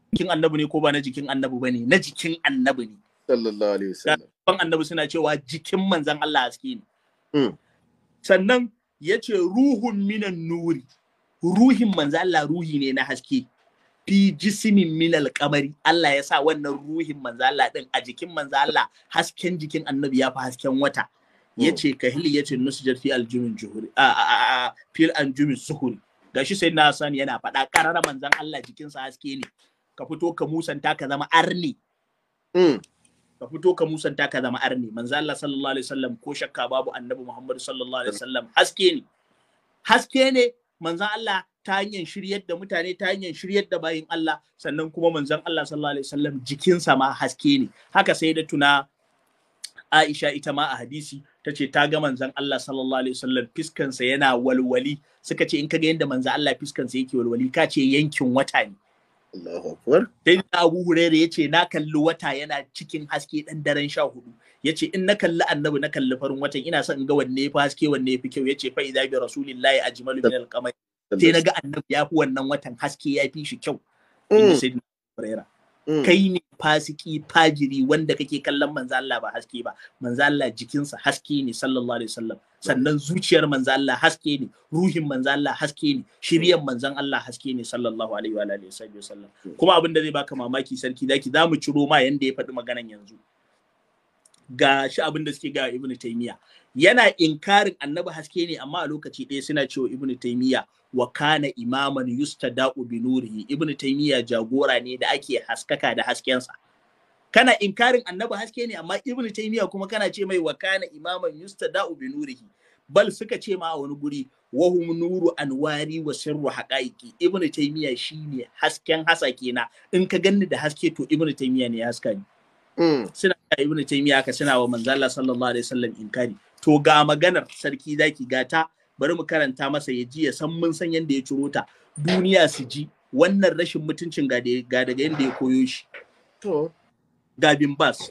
jikin annabi ne ko ba na jikin annabi bane na jikin annabi ne sallallahu alaihi wasallam ban annabi suna cewa jikin manzon Allah haske ne Mm. sannan ya ce ruhun minan nuri ruhin manzala ruhi ne na haske fi jisimin minal kamari Allah ya sa wannan ruhin manzala Allah din a jikin manzala, Allah hasken jikin annabi ya fi hasken wata mm. ya ce hili. ya ce nusjar fi aljumin juhuri a fil anjumin suhuri gashi sai na san yana faɗa ƙarara manzan Allah jikinsa haske ne ka fito ka musanta ka zama arni mm. ka fito ka musanta ka zama arni manzo Allah sallallahu alaihi wasallam ko shakka babu annabi Muhammad sallallahu alaihi wasallam haske ne haske ne manzo Allah ta hanyar shiryar da mutane ta hanyar shiryar da bayin Allah sannan kuma manzon Allah sallallahu alaihi wasallam jikinsa ma haske ne haka sai da tuna Aisha ita ma a hadisi ta ce ta ga manzon Allah sallallahu alaihi wasallam fiskansa yana walwali suka ce in ka ga yadda manzon Allah fiskansa yake walwali ka ce yankin wata ne Allahu akbar. Sai na Abu ya yace na kalli wata yana cikin haske ɗan daren sha hudu. Yace in na kalli annabi na kalli farin watan ina son in ga wanne ya fi haske wanne ya fi kyau yace fa idza bi rasulillahi ajmalu min al Sai Sai naga annabi ya fi wannan watan haske ya fi shi kyau. Mm. Sai da Mm. kai ne fasiki fajiri wanda kake kallon manzo Allah ba haske ba manzo Allah jikinsa haske ne sallallahu alaihi wasallam sannan zuciyar manzo Allah haske ne ruhin manzo Allah haske ne shiryan manzon Allah haske ne sallallahu alaihi wa alihi wasallam mm. kuma abin da zai baka mamaki sarki zaki zamu ciro ma yanda ya faɗi maganan yanzu ga shi abin da suke ga ibnu taymiya yana inkarin annabi haske ne amma a lokaci ɗaya suna cewa ibnu taymiya Wakana kana imaman da'u bi nurihi ibnu taymiya jagora ne da ake haskaka da haskensa kana inkarin annabi haske ne amma ibnu taymiya kuma kana ce mai Wakana kana imaman da'u bi nurihi bal suka ce ma wani guri wahum nuru anwari wa sirru haqaiqi ibnu taymiya shine hasken hasa na in ka ganni da haske to ibnu taymiya ne haska ne mm. suna ga ibnu taymiya ka suna wa manzo Allah sallallahu alaihi wasallam inkari to ga maganar sarki zaki gata bari mu karanta masa ya ji ya san mun san yadda ya ciro ta duniya su ji wannan rashin mutuncin ga daga yanda ya koyo shi to gabin bas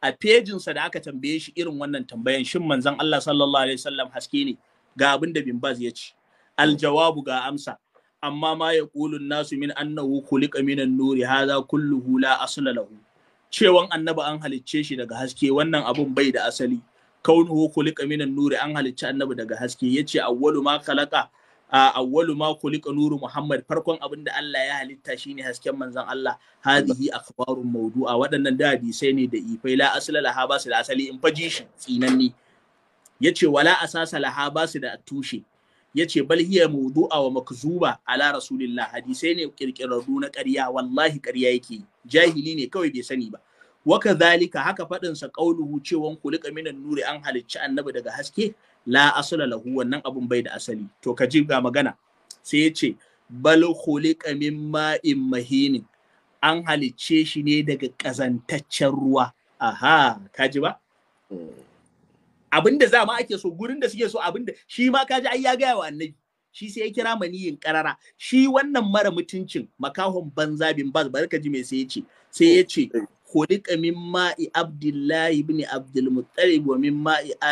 a fejinsa da aka tambaye shi irin wannan tambayan shin manzon Allah sallallahu alaihi wasallam haske ne ga abin da bin bas ya ci aljawabu ga amsa amma ma ya kulun nasu min annahu kulika minan nuri haza kulluhu la asla lahu cewan annabi an halicce shi daga haske wannan abun bai da asali kaunuhu kulika minan nuri an halicci annabi daga haske yace awwalu ma khalaqa awwalu ma kulika nuru muhammad farkon abin da Allah ya halitta shine hasken manzon Allah hadihi akhbarun mawdu'a waɗannan da hadisai ne da ifai la asla laha da asali in faji shi tsinanni yace wala asasa laha ba da tushe yace bal hiya mawdu'a wa makzuba ala rasulillah hadisai ne kirkirarru na ƙarya wallahi ƙarya yake jahili ne kawai bai sani ba waka zalika haka faɗinsa ƙauluhu cewa kulika minan nuri an halicci annabi daga haske la asala lahu wannan abun bai da asali to ka ji ga magana sai ya ce bal kulika min ma'in mahinin an halicce shi ne daga ƙazantaccen ruwa aha ka ji ba abinda za ma ake so gurin da suke so abinda shi ma ka ji ai ya gaya wa annabi shi sai ya kira maniyin karara shi wannan mara mutuncin makahon banza bin bas barka ji me sai ya ce sai ya ce khuliqa min ma'i abdullahi ibn abdul muttalib wa min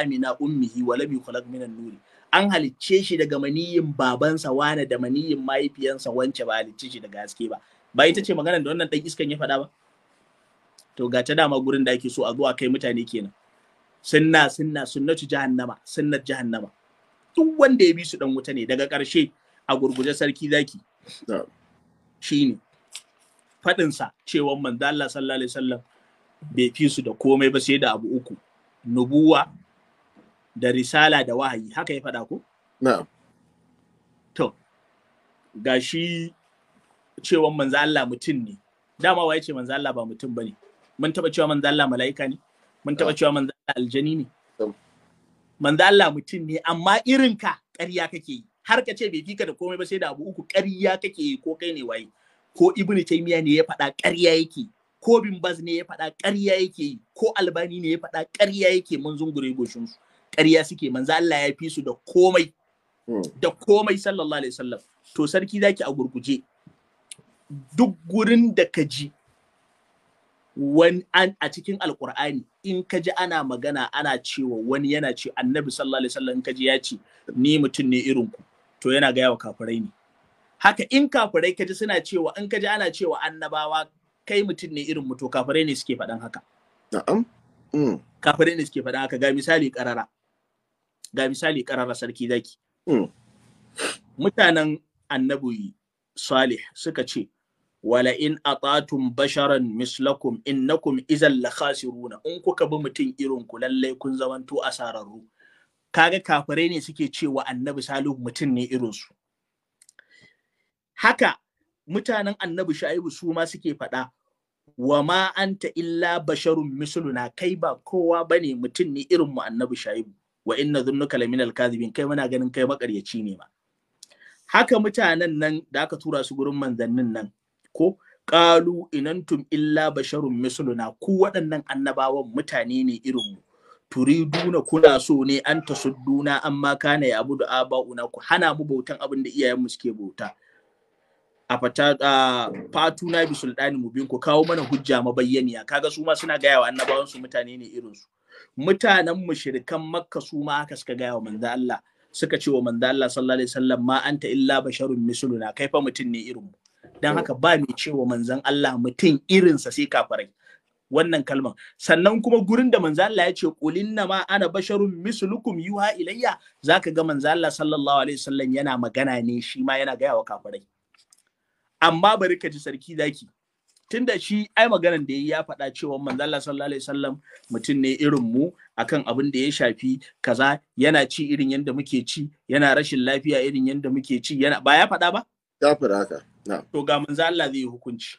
amina Ummi, wa lam yukhlaq an-nuri an halicce shi daga maniyin babansa wane da maniyin mahaifiyansa wance ba halicce shi daga haske ba ba ita ce maganar da wannan dan iskan ya faɗa ba to ga ta dama gurin da ake so a zuwa kai mutane kenan sunna sunna sunnatu jahannama sunnat jahannama duk wanda ya bi su dan wuta ne daga ƙarshe a gurguje sarki zaki shine faɗinsa cewa manzo Allah sallallahu alaihi wasallam bai fi su da komai ba sai da abu uku nubuwa da risala da wahayi haka ya faɗa ko na'am to gashi cewa manzo Allah mutum ne dama waye ce manzo Allah ba mutum bane mun taba cewa manzo Allah mala'ika ne mun taba cewa manzo Allah aljani ne manzo Allah mutum ne amma irin ka ƙarya kake yi har ka ce bai fika da komai ba sai da abu uku ƙarya kake yi ko kai ne waye ko ibnu taymiya ne ya faɗa ƙarya yake ko bin baz ne ya faɗa ƙarya yake ko albani ne ya faɗa ƙarya yake mun zungure goshin su ƙarya suke manzo Allah ya fi su da komai hmm. da komai sallallahu alaihi wasallam to sarki zaki a gurguje duk gurin da ka ji wani a cikin alkur'ani in ka ji ana magana ana cewa wani yana ce annabi sallallahu alaihi wasallam in ka ji ya ce ni mutum ne irin ku to yana gaya wa kafirai ne haka in kafirai kaji suna cewa in kaji ana cewa annabawa kai mutum ne irin mutu kafirai ne suke faɗan haka na'am mm. kafirai ne suke faɗan haka ga misali karara ga misali karara sarki zaki mm. mutanen annabi salih suka ce wala in atatum basharan mislakum innakum izan la in kuka bi mutum irin ku lallai kun zamanto asararru kaga kafirai ne suke cewa annabi salihu mutum ne irin su haka mutanen annabi sha'ibu su ma suke faɗa wa ma anta illa basharun misluna kai ba kowa bane mutum ne irin mu annabi sha'ibu wa inna dhunnuka laminal kadhibin kai muna ganin kai makaryaci ne ma haka mutanen nan da aka tura su gurin manzannin nan ko qalu inantum illa basharun misluna ku waɗannan annabawan mutane ne irin mu turiduna kuna so ne an tasudduna amma kana ya abudu aba'una ku hana mu bautan abin da iyayen mu suke bauta a fata fatu na bi sultani mubin ku kawo mana hujja mabayyaniya kaga su ma suna gaya wa annabawan su mutane ne irin su mutanen mushrikan makka su ma aka suka gaya wa manzo Allah suka ce wa manzo Allah sallallahu alaihi wasallam ma anta illa basharun misluna kai fa mutum ne irin mu dan haka ba mai cewa manzon Allah mutum irinsa sai kafirai wannan kalman sannan kuma gurin da manzo Allah ya ce qulinna ma ana basharun mislukum yuha ilayya zaka ga manzo Allah sallallahu alaihi wasallam yana magana ne shi ma yana gaya wa kafirai amma bari ka ji sarki zaki tunda shi ai maganan da ya faɗa cewa manzo Allah sallallahu alaihi wasallam mutum ne irin mu akan abin da ya shafi kaza yana ci irin yanda muke ci yana rashin lafiya irin yanda muke ci yana ba ya faɗa ba ya faɗa ka to ga manzo Allah zai yi hukunci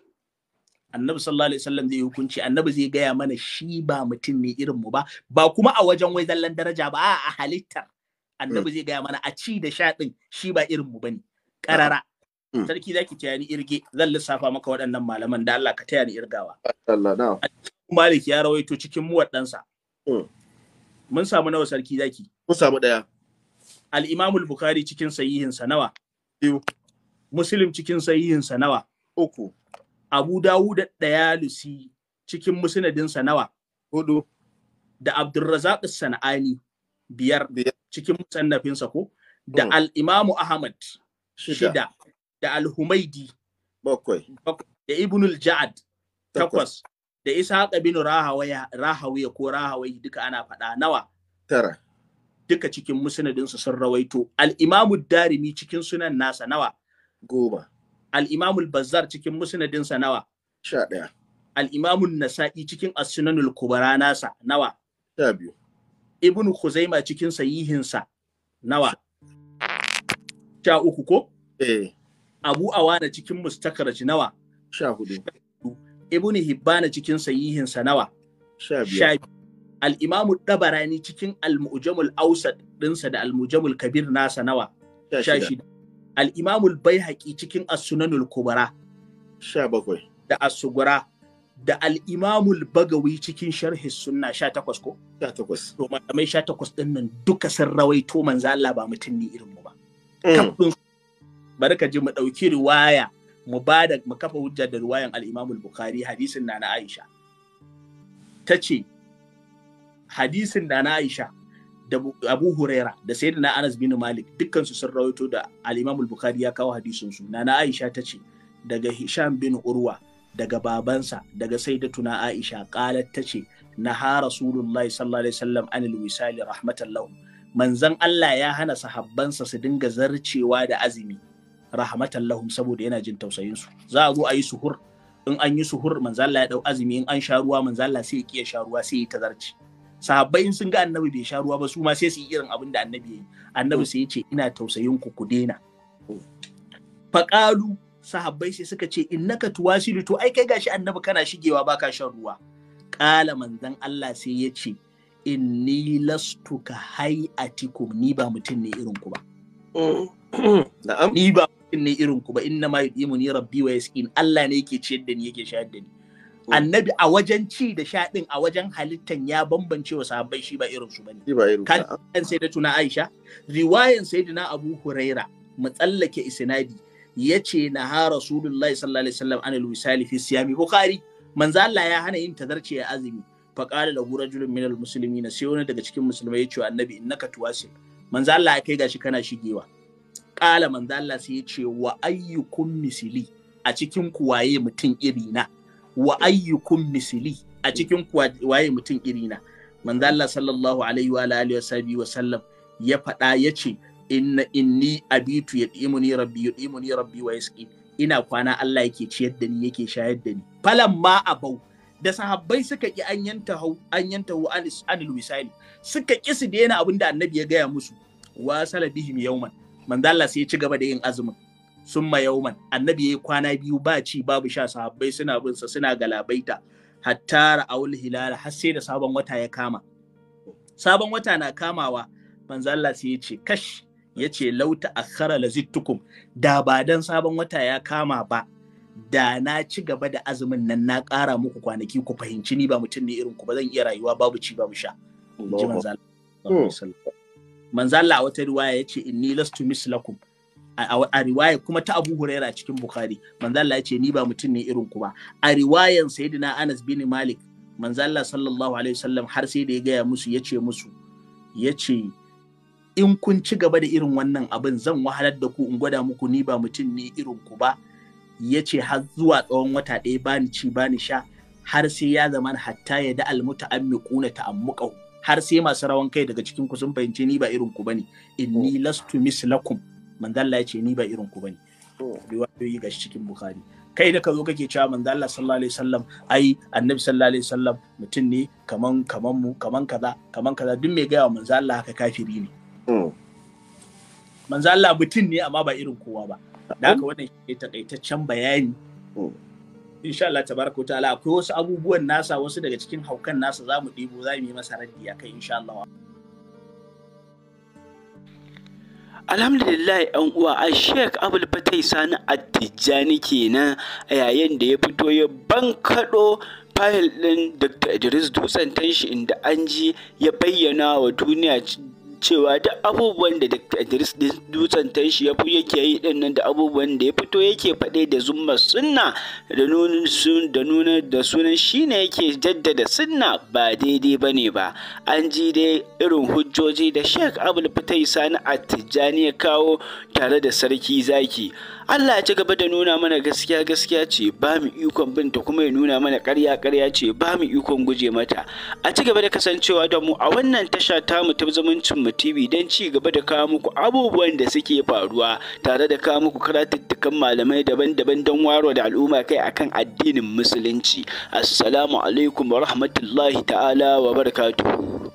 annabi sallallahu alaihi wasallam zai yi hukunci annabi zai gaya mana shi ba mutum ne irin mu ba ba kuma a wajen wai zallan daraja ba a halittar annabi mm. zai gaya mana a ci da sha din shi ba irin mu bane karara Hmm. sarki zaki taya ni irge zan lissafa maka waɗannan malaman da Allah ka taya ni irgawa Malik ya rawaito cikin muwaddansa hmm. mun samu nawa sarki zaki mun samu daya al-Imam al-Bukhari cikin sahihin sa nawa biyu Muslim cikin sahihin sa nawa uku Abu Dawud Lusi cikin musnadin sa nawa hudu da Abdurrazzaq Sanani biyar cikin sa ko da hmm. al-Imam Ahmad shida da Al-Humaidi bakwai da Ibnul Ja'ad takwas da isa bin Rahawaya Rahawiya ko Rahawai duka ana faɗa nawa tara duka cikin musnadin su sun rawaito al-Imam darimi cikin sunan nasa nawa goma al-Imam al-Bazzar cikin musnadin sa nawa sha ɗaya al-Imam nasai cikin as-Sunanul Kubra nasa nawa sha biyu Ibn Khuzaima cikin sahihin sa nawa sha uku ko eh abu awana cikin mustakar nawa sha hudu ibn hibbana cikin sahihinsa nawa sha biyar al-imamu dabarani cikin al-mu'jamul awsat dinsa da al-mu'jamul kabir nasa nawa sha shida al-imamu baihaqi cikin as-sunanul kubra sha bakwai da as-sugura da al-imamu bagawi cikin sharhi sunna sha takwas ko sha takwas to malamai sha takwas din nan duka sun rawaito manzo Allah ba mutum ne irin mu ba mm. kafin bari ka ji mu ɗauki riwaya mu ba da mu kafa hujja da riwayan al-Imam al-Bukhari hadisin na na Aisha ta ce hadisin na na Aisha da Abu Huraira da Sayyidina Anas bin Malik dukkan su sun rawaito da al-Imam bukhari ya kawo hadisin su na na Aisha ta ce daga Hisham bin Urwa daga babansa daga Sayyidatuna Aisha qalat ta ce naha Rasulullahi sallallahu alaihi wasallam anil wisali rahmatallahu manzon Allah ya hana sahabbansa su dinga zarcewa da azumi rahmatan lahum saboda yana jin tausayin su za a zo a yi suhur in an yi suhur manzo ya dau azumi in an sha ruwa manzo sai ya kiya sha ruwa sai ya tazarci sahabbai in sun ga annabi bai sha ruwa ba su ma sai su yi irin abin da annabi ya yi annabi sai ya ce ina tausayin ku ku dena faƙalu sahabbai sai suka ce innaka tuwasilu to ai kai gashi annabi kana shigewa baka shan ruwa ƙala manzan Allah sai ya ce inni lastuka hayatikum ni ba mutum ne irin ku ba mm. ni ba In ne irin ku ba inna ma ni rabbi wa yaskin Allah ne yake ciyar da ni yake shayar da ni oh. annabi a wajen ci da sha din a wajen halittan ya bambance wa sahabbai shi ba irin su bane kan sai da tuna Aisha riwayan sayyidina Abu Huraira Mutsallake isnadi yace na ha rasulullahi sallallahu alaihi wasallam anil wisali fi siyami bukhari manzo Allah ya hana yin tazarce ya azumi fa qala lahu rajulun minal muslimina sai wani daga cikin musulmai yace annabi innaka tuwasil manzo Allah ya kai gashi kana shigewa ƙala manzo Allah sai ya ce wa ayyukum misili a cikin kuwaye mutum irina wa ayyukum misili a cikin kuwaye mutum irina manzo Allah sallallahu alaihi wa alihi wa sallam ya faɗa ya ce inna inni abitu yadimuni rabbi yadimuni rabbi wa yaski ina kwana Allah yake ciyar da ni yake shayar da ni falan ma abau da sahabbai suka ki an yanta hau an yanta anil misali suka ki su daina abin da annabi ya gaya musu wa salabihim manzo sai ya ci gaba da yin azumin summa yauman annabi yi kwana biyu ba ci babu sha sahabbai suna bin sa suna galabaita hatta ra'aul hilal har sai da sabon wata ya kama sabon wata na kamawa manzo Allah sai ya ce kash ya ce lauta akhara lazittukum da ba dan sabon wata ya kama ba da na ci gaba da azumin nan na kara muku kwanaki ku fahimci ni ba mutum ne irin ku ba zan iya rayuwa babu ci babu sha. Ji manzo Allah. manzo Allah wata riwaya yace inni lastu mislakum a riwaya kuma ta Abu Huraira cikin Bukhari manzo Allah yace ni ba mutum ne irin ku ba a riwayan sayyidina Anas bin Malik manzo Allah sallallahu alaihi wasallam har sai da ya gaya musu ya ce musu Ya ce in kun ci gaba da irin wannan abin zan wahalar da ku in gwada muku ni ba mutum ne irin ku ba yace har zuwa tsawon wata ɗaya bani ci bani sha har sai ya zama hatta ya da almuta'ammiquna ta'ammuqahu har sai masu rawan kai daga cikin ku sun fahimci ni ba irin ku bane inni hmm. lastu mislakum manzo Allah ni ba irin ku bane hmm. yi ga cikin bukhari kai da ka zo kake cewa manzo Allah sallallahu alaihi wasallam ai annabi sallallahu alaihi wasallam mutum ne kaman kaman mu kaman kaza kaman kaza duk mai gaya wa manzo haka kafiri ne hmm. manzo mutum ne amma ba irin kowa ba da haka wannan shi takaitaccen bayani insha Allah tabaraka ta'ala akwai wasu abubuwan nasa wasu daga cikin haukan nasa za mu ɗibo za mu yi masa raddi akai insha Allah alhamdulillah yan uwa a sheik abul fatai sani attijani kenan a yayin da ya fito ya bankaɗo fayil ɗin dr idris dutsen tanshi inda an ji ya bayyana wa duniya cewa duk abubuwan da Dr. Idris Dutsen shi ya fi yake yi din nan da abubuwan da ya fito yake faɗe da zumma sunna da nunan sun da nuna da sunan shine yake jaddada sunna ba daidai bane ba an ji dai irin hujjoji da Sheikh Abdul Sani Sani Tijjani ya kawo tare da sarki zaki Allah ya ci gaba da nuna mana gaskiya gaskiya ce ba mu ikon binta kuma ya nuna mana ƙarya ƙarya ce ba mu ikon guje mata a ci gaba da kasancewa da mu a wannan tasha ta mu ta zumuncin mu TV don ci gaba da kawo muku abubuwan da suke faruwa tare da kawo muku karatuttukan malamai daban-daban don waro da al'umma kai akan addinin musulunci assalamu alaikum wa rahmatullahi ta'ala wa barakatuhu